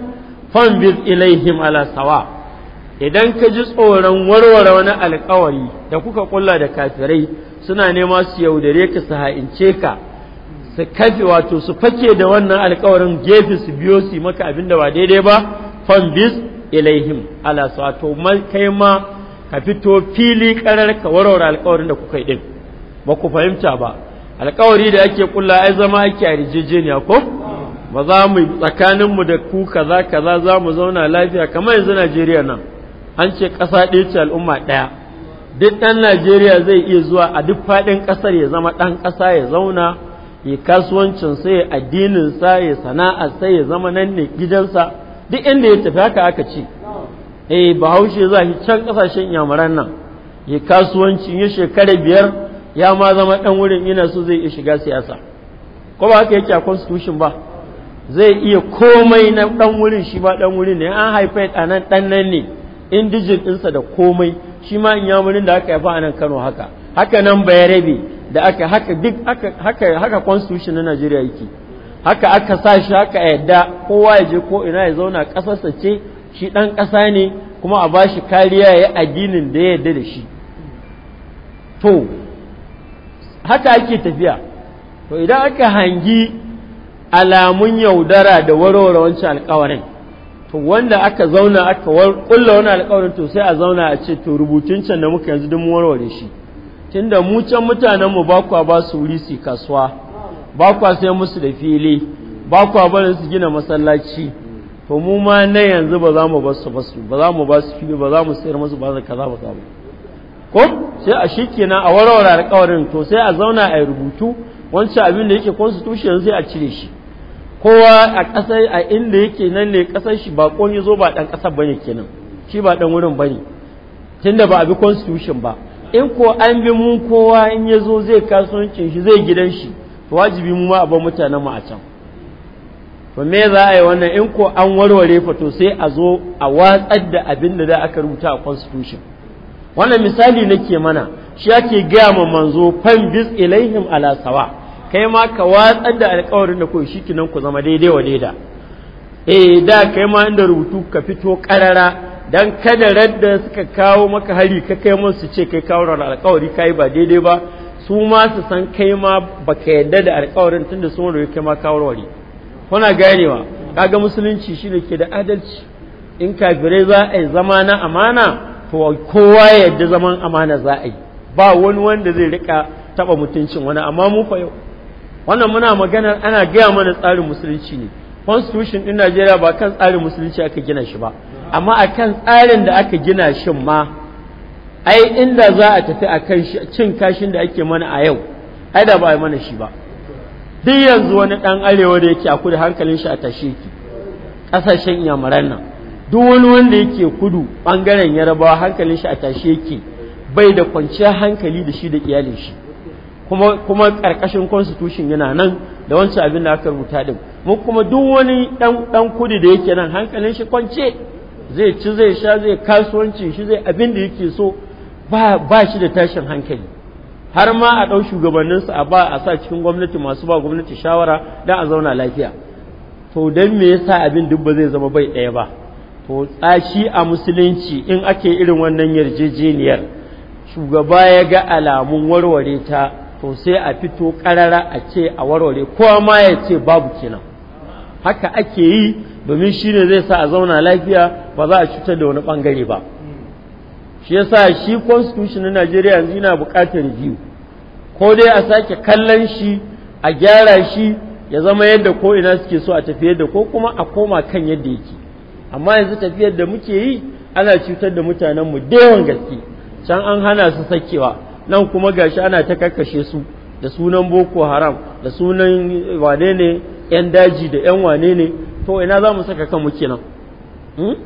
fanbiz ilaihim ala sawa' idan ka ji tsoron warware wani alkawari da kuka kulla da kafirai suna nema su yaudare ka su ha'ince ka su kafi wato su fake da wannan alkawarin gefe su biyo su maka abin da ba daidai ba bis ilaihim ala wato kai ma ka fito fili karar ka warware alkawarin da kuka yi din ba ku fahimta ba alkawari da ake kulla ai zama ake a rijijeniya ko ba za mu tsakaninmu da ku kaza kaza za mu zauna lafiya kamar yanzu Najeriya nan an ce ƙasa ɗaya ce al'umma ɗaya duk ɗan najeriya zai iya zuwa a duk faɗin ƙasar ya zama ɗan ƙasa ya zauna ya kasuwancin sai ya addinin sa ya sana'a sai ya zama nan ne gidansa duk inda ya tafi haka aka ce eh bahaushe za shi can ƙasashen yamuran nan ya kasuwanci ya shekara biyar ya ma zama ɗan wurin ina so zai iya shiga siyasa ko ba haka yake a constitution ba zai iya komai na ɗan wurin shi ba ɗan wurin ne an haife ɗanan ɗan nan ne indijin ɗinsa da komai shi ma in yamurin da aka yafa a nan kano haka haka nan bayarabe da aka haka duk haka haka constitution na najeriya yake haka aka sa shi haka yadda kowa ya je ko ina ya zauna ƙasarsa ce shi ɗan ƙasa ne kuma a ba shi kariya ya addinin da ya yarda da shi to haka ake tafiya to idan aka hangi alamun yaudara da warware wancan alkawarin to wanda aka zauna aka kulla wani alƙawarin to sai a zauna a ce to rubutun can da muka yanzu dun warware shi tunda mu can mutanen mu ba kwa ba su wuri su kasuwa ba kwa sai musu da fili ba kwa barin su gina masallaci to mu ma na yanzu ba za mu ba su ba su ba za mu ba su fili ba za mu sayar musu ba za kaza ba za mu. ko sai a shikenan a warware alƙawarin to sai a zauna a rubutu wancan abin da yake constitution sai a cire shi kowa a ƙasar a inda yake nan ne ƙasar shi ba ya zo ba ɗan ƙasar bane kenan shi ba ɗan wurin bane tunda ba a bi constitution ba in ko an bi mu kowa in ya zo zai kasuwancin shi zai gidan shi wajibi mu ma a bar mutanen mu a can to me za a yi wannan in ko an warware fa to sai a zo a watsar da abin da aka rubuta a constitution wannan misali nake mana shi ake gaya ma manzo fan bis ilaihim ala sawa' kai ma ka watsar da alkawarin da koyi kinan ku zama daidai wa daida eh da kai ma inda rubutu ka fito karara dan kada radda suka kawo maka hari ka kai musu ce kai kawo ran alkawari kai ba daidai ba su ma su san kai ma baka yadda da alkawarin tunda sun rubuta kai ma kawo wari kuna ganewa kaga musulunci shine ke da adalci in kafirai za a yi zama na amana to kowa yadda zaman amana za a yi ba wani wanda zai rika taba mutuncin wani amma mu fa yau wannan muna maganar ana gaya mana tsarin musulunci ne constitution din Najeriya ba kan tsarin musulunci aka gina shi ba amma a kan tsarin da aka gina shi ma ai inda za a tafi akan cin kashin da ake mana a yau ai da ba a mana shi ba duk yanzu wani dan arewa da yake a kudu hankalin shi a tashe ki kasashen yamaran nan duk wani wanda yake kudu bangaren yarabawa hankalin shi a tashe ki bai da kwanciyar hankali da shi da iyalin shi kuma kuma karkashin constitution yana nan da wancan abin da aka rubuta din mu kuma duk wani dan kudi da yake nan hankalin shi kwance zai ci zai sha zai kasuwancin shi zai abin da yake so ba shi da tashin hankali har ma a ɗau shugabanninsu a ba a sa cikin gwamnati masu ba gwamnati shawara don a zauna lafiya to don me yasa abin duk ba zai zama bai ɗaya ba to tsashi a musulunci in ake irin wannan yarjejeniyar shugaba ya ga alamun warware ta to sai a fito karara a ce a warware kowa ma ya ce babu kenan haka ake yi domin shi ne zai sa a zauna lafiya ba za a cutar da wani bangare ba shi yasa shi constitution na Najeriya yanzu yana buƙatar biyu ko dai a sake kallon shi a gyara shi ya zama yadda ko ina suke so a tafiyar da ko kuma a koma kan yadda yake amma yanzu tafiyar da muke yi ana cutar da mutanenmu da yawan gaske can an hana su sakewa nan kuma gashi ana ta kakkashe su da sunan boko haram da sunan wane ne yan daji da yan wane ne to ina za mu saka kanmu kenan hmm?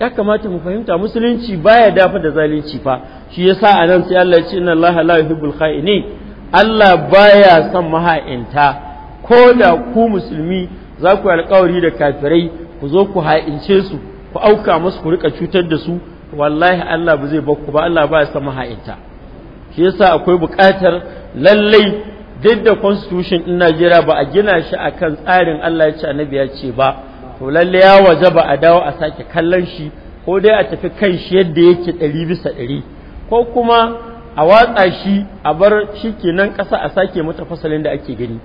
ya kamata mu fahimta musulunci baya dafa da zalunci fa shi yasa a nan sai Allah ya ce inna Allah la yuhibbul kha'ini Allah baya son maha'inta ko da ku musulmi za ku alƙawari da kafirai ku zo ku ha'ince su ku auka musu ku rika cutar da su wallahi Allah ba zai bakku ba Allah baya son maha'inta shi yasa akwai buƙatar lallai duk da constitution ɗin Najeriya ba a gina shi a kan tsarin Allah ya ce annabi ya ce ba to lallai ya waje ba a dawo a sake kallon shi ko dai a tafi kan shi yadda yake ɗari bisa ɗari ko kuma a watsa shi a bar shi kenan ƙasa a sake mata fasalin da ake gani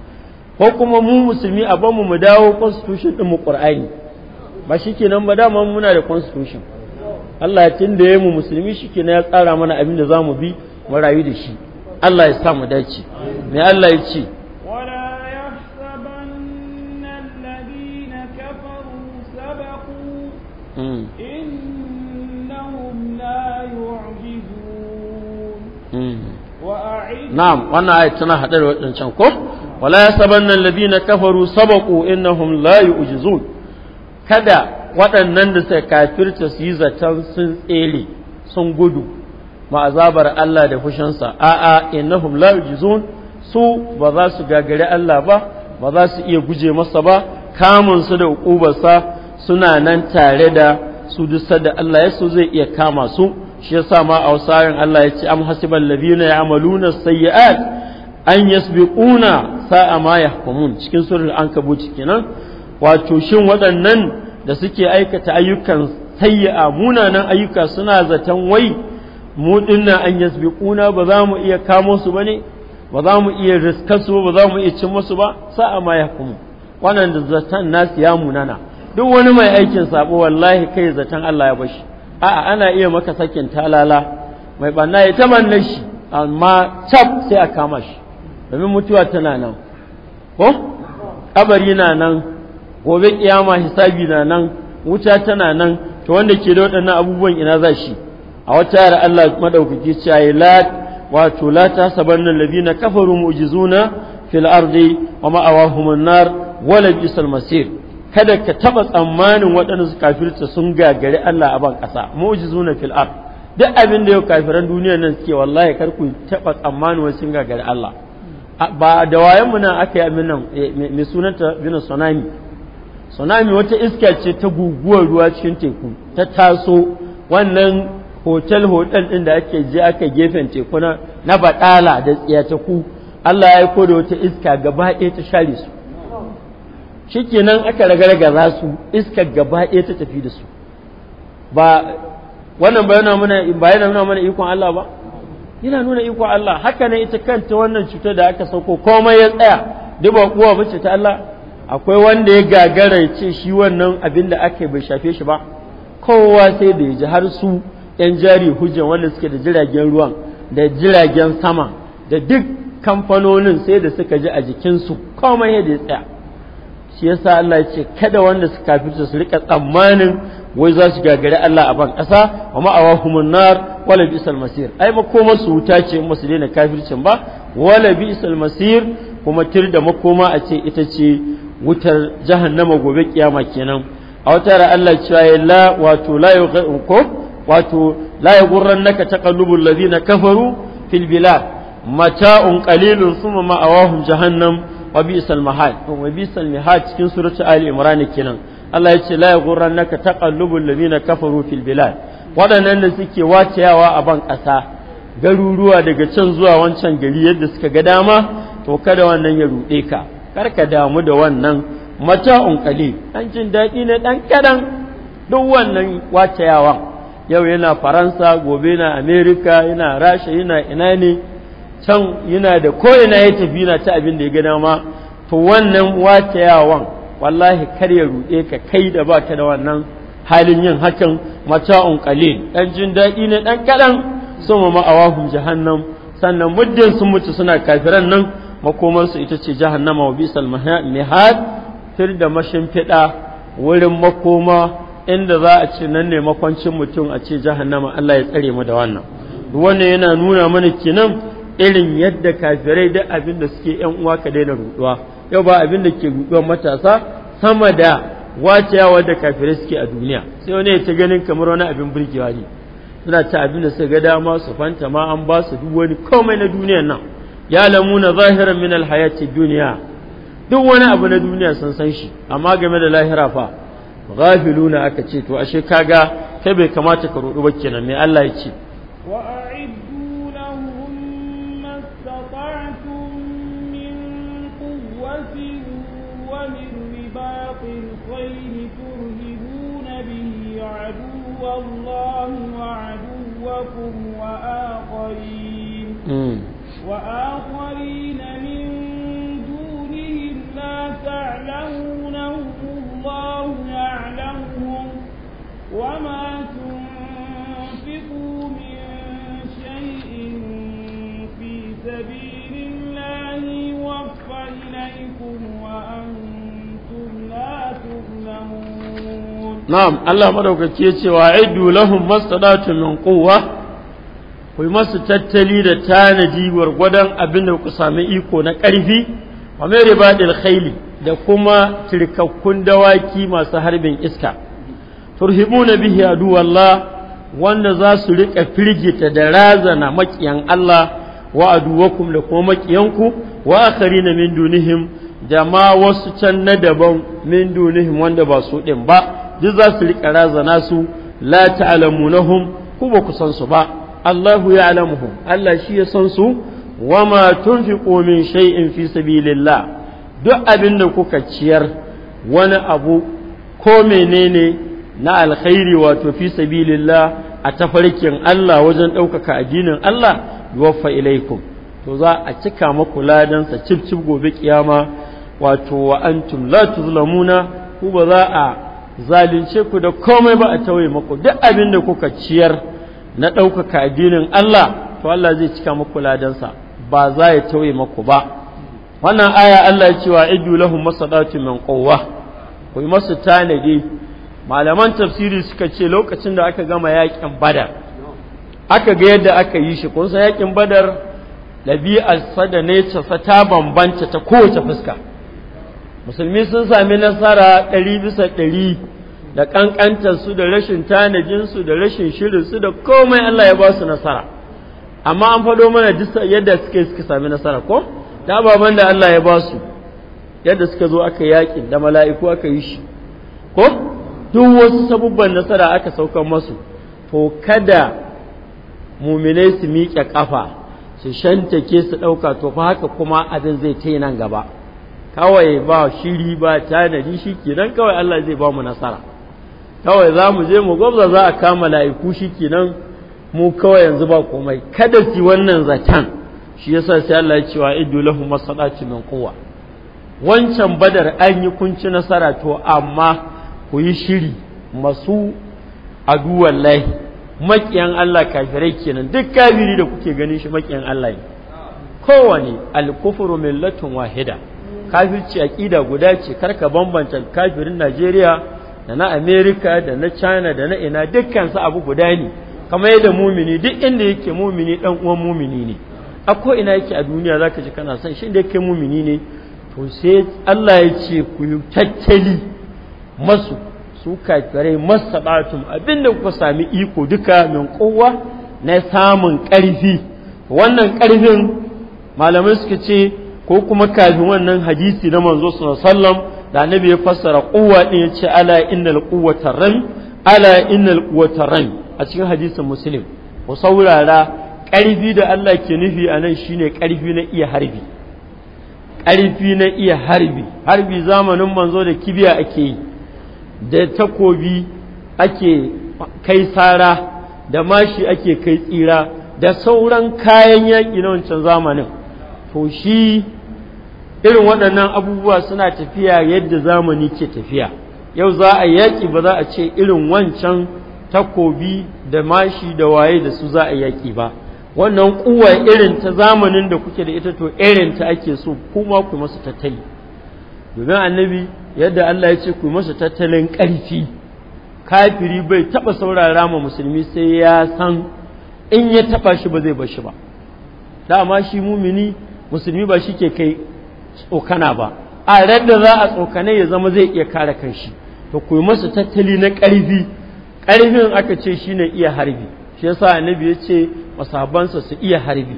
ko kuma mu musulmi a bamu mu dawo constitution ɗin mu ƙur'ani ba shi kenan ba dama muna da constitution Allah ya tinda ya mu musulmi shi kenan ya tsara mana abin da za mu bi mu rayu da shi Allah ya sa mu dace me Allah ya ce hmm. hmm. Na'am, wannan ayat tana haɗe da waɗancan ko? Wala ya saban nan labi na kafaru sabaku innahum la yu'jizun. Kada waɗannan da suka kafirta su yi zaton sun tsere, sun gudu, Ma'azabar Allah da fushinsa a'a innahum la yujizun su ba za su gagari Allah ba ba za su iya guje masa ba kamun su da ukubarsa suna nan tare da su duk da Allah ya so zai iya kama su shi yasa ma a wasarin Allah ya ce am hasibal ladina ya'maluna sayyi'at an yasbiquna sa'a ma yahkumun cikin surul ankabut kenan wato shin waɗannan da suke aikata ayyukan sayya'a munanan ayyuka suna zaton wai mu dinna an yasbiquna ba za mu iya kamo su bane ba za mu iya riskar su ba za mu iya cin musu ba sa'a ma ya kuma wannan da zatan nasu ya munana duk wani mai aikin sabo wallahi kai zaton Allah ya bashi a'a ana iya maka sakin talala mai banna ya tamanna shi amma cap sai a kama shi domin mutuwa tana nan ko kabari na nan gobe kiyama hisabi na nan wuta tana nan to wanda ke da waɗannan abubuwan ina za shi a wata yara Allah madaukaki cewa la wato la tasabanna alladhina kafaru mu'jizuna fil ardi wa ma'awahum an-nar wa la bisal masir kada ka taba tsammanin waɗanda su kafirta sun gagari Allah a ban ƙasa mu'jizuna fil ard duk abin da yau kafiran duniya nan suke wallahi kar ku taba tsammanin sun gagari Allah ba da wayan mu nan aka yi abin nan eh, mai sunanta bina tsunami tsunami wata iska ce ta guguwar ruwa cikin teku ta taso wannan hotel hotel ɗin da ake je aka gefen teku na baɗala da ku. Allah ya yi da wata iska gaba ɗaya ta share su shikenan aka ragargaza su iska gaba ɗaya ta tafi da su ba wannan ba yana nuna mana ikon Allah ba yana nuna ikon Allah haka ne ita kanta wannan cutar da aka sauko komai ya tsaya duk ba kuwa bace ta Allah akwai wanda ya gagara ce shi wannan abin da aka bai shafe shi ba kowa sai da ya ji har su 'yan jari hujjan wanda suke da jiragen ruwan da jiragen sama da duk kamfanonin sai da suka ji a jikinsu komai yadda ya tsaya shi yasa Allah ce kada wanda su kafirta su rika tsammanin wai za su gagari Allah a ban ƙasa wa ma'awahumun nar wala bi'sal masir ai makoma su wuta ce in su daina kafircin ba wala bi'sal masir kuma tir da makoma a ce ita ce wutar jahannama gobe kiyama kenan a wata ra Allah cewa la wato la ko. wato la ta taqallubul ladina kafaru fil bilad mata'un qalilun thumma ma'awahum jahannam wa bi'sal mahal wa bi'sal mihad cikin surati ali imran kenan Allah ya ce la ta taqallubul ladina kafaru fil bilad waɗannan da suke wacewa a ban ƙasa garuruwa daga can zuwa wancan gari yadda suka ga dama to kada wannan ya ruɗe ka karka damu da wannan mata'un qalil dan jin daɗi ne dan kadan duk wannan waceyawan yau yana faransa gobe na amerika yana rasha yana ina ne can yana da ina ya tafi na ci abin da ya gada ma to wannan yawan wallahi kar ya ruɗe ka kai da ba ka da wannan halin yin hakan mata unkali dan jin daɗi ne ɗan kaɗan sun ma awahum jahannam sannan muddin sun mutu suna kafiran nan makomansu ita ce jahannama wa bisal mihad fir da mashin fiɗa wurin makoma inda za a ce nan ne makwancin mutum a ce nama Allah ya tsare mu da wannan wannan yana nuna mana kenan irin yadda kafirai da abin da suke yan uwa ka daina ruduwa yau ba abin da ke ruduwa matasa sama da wacewa da kafirai suke a duniya sai wani ya ta ganin kamar wani abin burgewa ne suna ta abin da suka ga dama su fanta ma an ba su duk wani komai na duniyar nan ya lamuna zahiran min alhayati duniya duk wani abu na duniya sun san shi amma game da lahira fa ghafiluna aka ce to ashe kaga kai bai kamata ka rudu ba kenan me Allah ya ce wa a'iddu lahum mastata'tum min quwwatin wa min ribatil khayli turhibuna bihi aduwwallahi wa aduwwakum wa akharin wa akharin min dunihim la ta'lamunahum الله وما تنفقوا من شيء في سبيل الله يوفى إليكم وأنتم لا تظلمون نعم الله مدوك تيتي وأعدوا لهم ما استطعتم من قوة ku masu tattali da tanadi gwargwadon abin da ku sami iko na ƙarfi wa mai riba da da kuma tirkakkun dawaki masu harbin iska turhibuna bihi aduwallah wanda za su riƙa firgita da razana makiyan Allah wa aduwakum da kuma makiyanku wa akharina min dunihim da ma wasu can na daban min dunihim wanda ba su ɗin ba duk za su riƙa razana su la ta'lamunahum ku ba ku san su ba Allahu ya'lamuhum Allah shi ya san su wa ma tunfiqu min shay'in fi sabilillah duk abin da kuka ciyar wani abu ko menene na alkhairi wato fi sabilillah a tafarkin Allah wajen ɗaukaka addinin Allah yuwaffa ilaikum to za a cika maku ladansa cif cif gobe kiyama wato wa antum la tuzlamuna ku ba za a zalunce ku da komai ba a tauye maku duk abin da kuka ciyar na ɗaukaka addinin Allah to Allah zai cika ladan sa ba za ya tauye maku ba wannan aya Allah ya ce wa idu lahum masadatu min quwwa ku yi masu tanadi malaman tafsiri suka ce lokacin da aka gama yakin badar aka ga yadda aka yi shi kun san yakin badar ɗabi'arsa da ne ta bambanta ta kowace fuska musulmi sun sami nasara ɗari bisa ɗari da su da rashin tanajinsu da rashin shirinsu da komai Allah ya ba su nasara amma an faɗo mana yadda suka suka sami nasara ko da ababen da Allah ya ba su yadda suka zo aka yaƙin da mala'iku aka yi shi ko duk wasu sabubban nasara aka saukan masu to kada muminai su miƙe ƙafa su shantake su ɗauka to fa haka kuma abin zai ta nan gaba kawai ba shiri ba tanadi shi kenan kawai Allah zai ba mu nasara kawai za mu je mu gwabza za a kama la'iku shi kenan mu kawai yanzu ba komai kada si wannan zaton shi yasa sai Allah ya cewa iddu lahum masadati min wancan badar an yi kunci nasara to amma ku yi shiri masu aduwan lai makiyan Allah kafirai kenan duk kafiri da kuke ganin shi makiyan Allah ne kowane alkufuru millatun wahida kafirci aqida guda ce karka bambanta kafirin Najeriya da na Amerika da na China da na ina dukkan su abu guda ne kamar yadda mumini duk inda yake mumini ɗan uwan mumini ne a ko ina yake a duniya zaka ji kana son shi inda yake mumini ne to sai Allah ya ce ku yi tattali masu su masu masabatun abinda kuka sami iko duka min kowa na samun ƙarfi wannan ƙarfin malamai suka ce ko kuma kafin wannan hadisi na manzo sallam da annabi ya fassara kowa ɗin ya ce ala innal quwwata ran ala innal ran a cikin hadisin musulun ku saurara ƙarfi da Allah ke nufi a nan shine ƙarfi na iya harbi ƙarfi na iya harbi harbi zamanin manzo da kibiya ake yi da takobi ake kai sara da mashi ake kai tsira da sauran kayan yaƙi na wancan zamanin to shi irin waɗannan abubuwa suna tafiya yadda zamani ke tafiya yau za a yaƙi ba za a ce irin wancan takobi da mashi da waye da su za a yaƙi ba wannan kuwa irin ta zamanin da kuke da ita to irin ta ake so kuma ku masu tattali domin annabi yadda Allah ya ce ku masa tattalin ƙarfi kafiri bai taɓa saurara ma musulmi sai ya san in ya taɓa shi ba zai bar shi ba dama shi mumini musulmi ba shi ke kai tsokana ba a radda za a tsokana ya zama zai iya kare kanshi to ku masa tattali na ƙarfi ƙarfin aka ce shi shine iya harbi shi yasa annabi ya ce masahabansa su iya harbi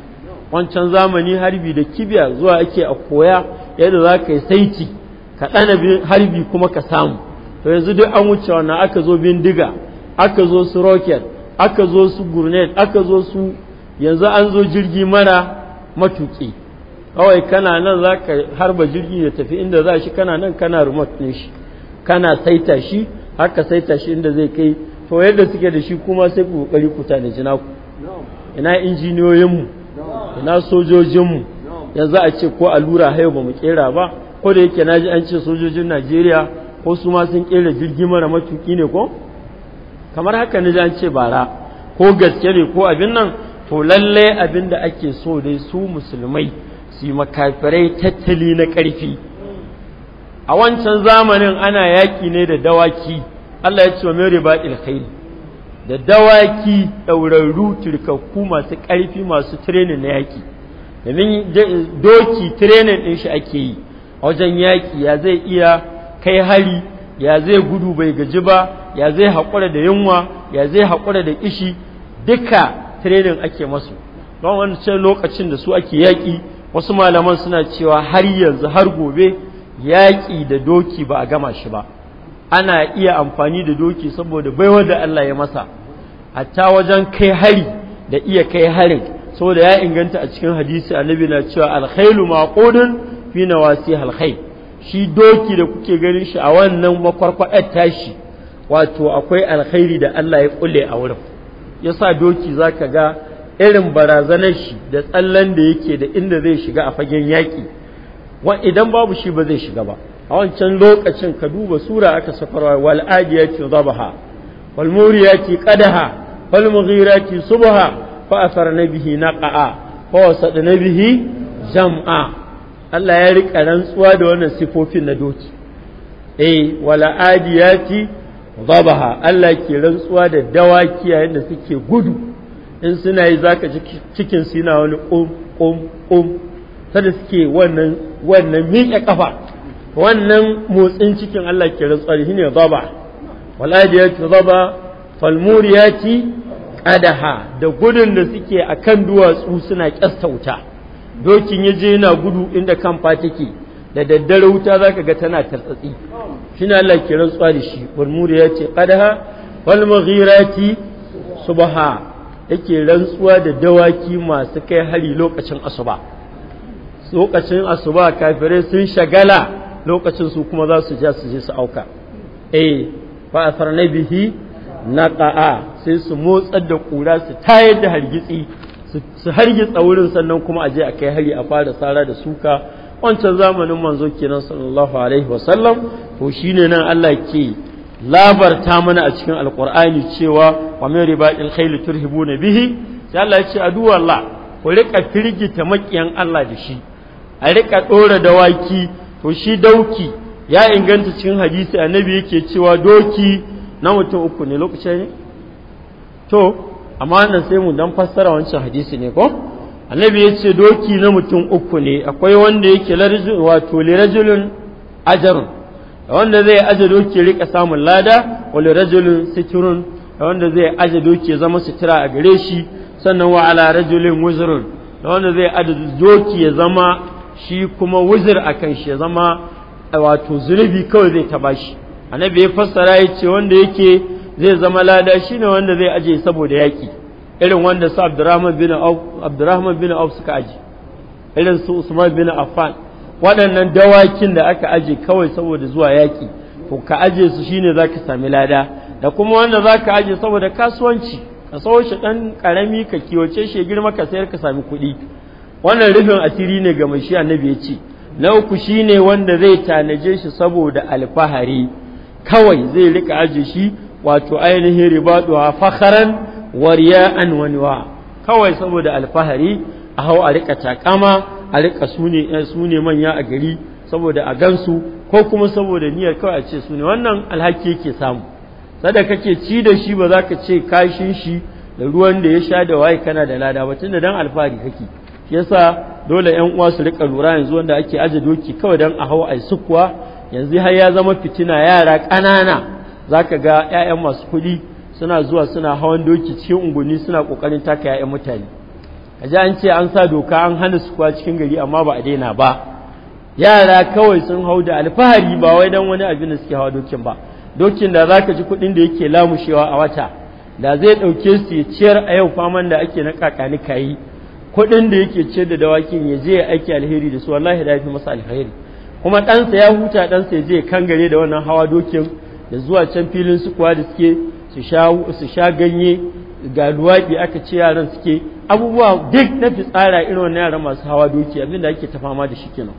wancan zamani harbi da kibiya zuwa ake a koya yadda za ka yi saiti ka ɗana harbi kuma ka samu to yanzu duk an wuce wannan aka zo bindiga aka zo su rocket aka zo su grenade aka zo su yanzu an zo jirgi mara matuƙi kawai kana nan za ka harba jirgi ya tafi inda za shi kana nan kana remote ne shi kana saita shi haka saita shi inda zai kai to yadda suke da shi kuma sai ku kokari ku jina ku ina injiniyoyinmu ina sojojinmu yanzu a ce ko allura haihu ba mu kera ba ko da yake naji an ce sojojin Najeriya ko su ma sun kera jirgi mara matuki ne ko kamar haka ne an ce bara ko gaske ne ko abin nan to lalle abin da ake so dai su musulmai su yi makafirai tattali na ƙarfi a wancan zamanin ana yaƙi ne da dawaki Allah ya ce wa mere ba ilkhairi da dawaki ɗaurarru turkakku masu ƙarfi masu tirenin na yaƙi domin doki tirenin ɗin shi ake yi wajen yaƙi ya zai iya kai hari ya zai gudu bai gaji ba ya zai haƙura da yunwa ya zai haƙura da kishi duka training ake masu don wancan lokacin da su ake yaƙi wasu malaman suna cewa har yanzu har gobe yaƙi da doki ba a gama shi ba ana iya amfani da doki saboda baiwar da Allah ya masa hatta wajen kai hari da iya kai harin saboda ya inganta a cikin hadisi annabi na cewa alkhailu maqudun fi wasi halkai shi doki da kuke ganin shi a wannan ɗan tashi wato akwai alkhairi da Allah ya kulle a wurin yasa doki zaka ga irin barazanar shi da tsallan da yake da inda zai shiga a fagen yaki wa idan babu shi ba zai shiga ba a wancan lokacin ka duba sura aka safarwa wal adiyati dhabaha wal muriyati qadaha wal mughirati subha fa asarna bihi naqa'a fa wasad bihi jam'a Allah ya riƙa rantsuwa da wannan sifofin na doki eh wala adiyati dhabaha Allah ke rantsuwa da dawaki yayin da suke gudu in suna yi zaka ji cikin su yana wani kum kum kum sai suke wannan wannan miƙe kafa wannan motsin cikin Allah ke rantsuwa da shine dhaba wala adiyati dhaba muriyati qadaha da gudun da suke akan duwatsu suna kyasta wuta dokin ya je yana gudu inda kamfa take da daddare wuta za ka ga tana tartsatsi shine Allah ke rantsuwa da shi wal ya ce qadaha wal mughirati subha yake rantsuwa da dawaki masu kai hari lokacin asuba lokacin asuba kafirai sun shagala lokacin su kuma za su ja su je su auka eh fa na bihi Naƙa'a sai su motsar da ƙura su tayar da hargitsi su hargitsa wurin sannan kuma a je a kai hari a fara tsara da suka wancan zamanin manzo kenan sallallahu alaihi wasallam to shine nan Allah ke labarta mana a cikin alqur'ani cewa wa min ribaqil khayl turhibuna bihi sai Allah ya ce aduwa Allah ku rika firgita makiyan Allah da shi a rika dora dawaki to shi dauki ya inganta cikin hadisi annabi yake cewa doki na mutum uku ne lokacin ne to amma nan sai mu dan fassara wancan hadisi ne ko annabi ya ce doki na mutum uku ne akwai wanda yake wato lirajulun ajarun wanda zai aje doki rika samun lada wa lirajulun sitirun wanda zai aje doki zama sitira a gare shi sannan wa ala rajulin wuzrun wanda zai aje doki ya zama shi kuma wuzur akan shi ya zama wato zunubi kawai zai taba shi annabi ya fassara ya ce wanda yake zai zama lada shine wanda zai aje saboda yaki irin wanda su Abdurrahman bin Auf suka aje irin su Usman bin Affan waɗannan dawakin da aka aje kawai saboda zuwa yaki to ka aje su shine ka sami lada da kuma wanda za ka aje saboda kasuwanci ka sawo shi ɗan ƙarami ka kiwace shi girma ka sayar ka sami kuɗi wannan rufin asiri ne ga mai shi annabi ya ce na uku shine wanda zai tanaje shi saboda alfahari kawai zai rika aje shi wato ainihin ribaduwa fakharan an wani wa kawai saboda alfahari a hau a rika takama a rika eh, sune manya a gari saboda a gansu ko kuma saboda niyyar kawai a ce sune wannan alhaki yake samu sada kake ci da shi ba za ka ce kashin shi da ruwan da ya sha da waye kana da lada ba tunda dan alfahari kake shi yasa dole 'yan uwa su rika lura yanzu wanda ake aje doki kawai dan a hau ai sukuwa yanzu har ya zama fitina yara ƙanana za ka ga 'ya'yan masu kuɗi suna zuwa suna hawan doki cikin unguni suna kokarin taka 'ya'yan mutane a ji an ce an sa doka an hana su kuwa cikin gari amma ba a daina ba yara kawai sun hau da alfahari ba wai don wani abin da suke hawa dokin ba dokin da za ka ji kuɗin da yake lamushewa a wata da zai ɗauke su ya ciyar a yau faman da ake na kakani kayi kuɗin da yake ciyar da dawakin ya je ya aiki alheri da su wallahi da fi masa alheri kuma ɗansa ya huta ɗansa ya je kan gare da wannan hawa dokin da zuwa can filin sukuwa da suke su sha ganye ga luwaɗi aka ce yaran suke abubuwa duk na fi tsara irin wannan yaran masu hawa doki abinda ake ta fama da shi kenan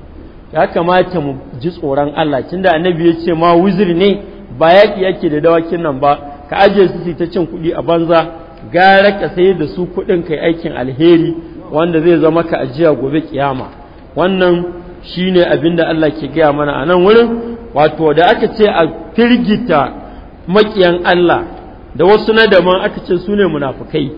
ya kamata mu ji tsoron Allah tunda annabi ya ce ma wuzir ne ba yaƙi yake da dawakin nan ba ka ajiye su ta cin kuɗi a banza gara ka sayar da su kuɗin kai aikin alheri wanda zai zama ka ajiya gobe kiyama wannan shine abinda Allah ke gaya mana a nan wurin wato da aka ce a firgita makiyan Allah da wasu na daban aka ce su ne munafukai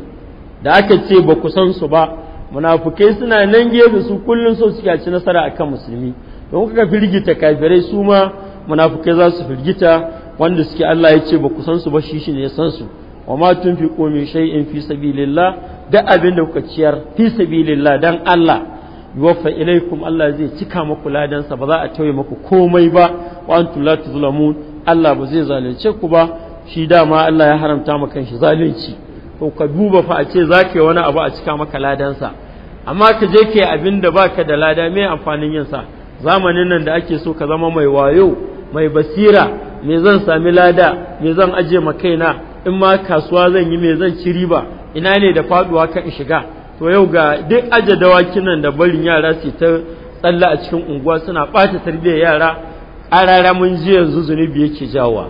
da aka ce ba ku san su ba munafukai suna nan gefe su kullum so suke ci nasara akan musulmi don kuka firgita kafirai su ma munafukai za su firgita wanda suke Allah ya ce ba ku su ba shi ne ya san su wa ma tun fi komi shay'in fi sabilillah da abin da kuka ciyar fi sabilillah dan Allah yuwaffa ilaikum Allah zai cika muku ladansa ba za a tauye muku komai ba wa antum la tuzlamun Allah ba zai zalunce ku ba shi dama Allah ya haramta maka shi zalunci to ka duba fa a ce zaka wani abu a cika maka ladansa amma ka je ke abin da baka da lada me amfanin yin sa zamanin nan da ake so ka zama mai wayo mai basira me zan sami lada me zan aje ma kaina in ma kasuwa zan yi me zan ci riba ina ne da faduwa ka shiga to yau ga duk aje dawakin nan da barin yara su ta tsalla a cikin unguwa suna ɓata tarbiyyar yara ƙarara mun ji yanzu zunubi yake jawa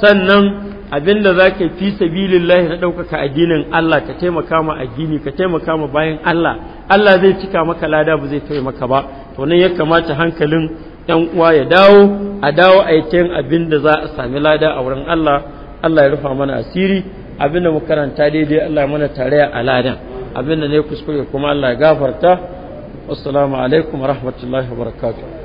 sannan abin da za ka fi sabilillahi na ɗaukaka addinin Allah ka taimaka ma addini ka taimaka ma bayan Allah Allah zai cika maka lada ba zai taimaka ba to nan ya kamata hankalin ɗan uwa ya dawo a dawo a yi abin da za a sami lada a wurin Allah Allah ya rufa mana asiri abin da mu karanta daidai Allah mana tare a ladan abinda ne kuskure kuma Allah ya gafarta assalamu alaikum wa rahmatullahi wa barakatuh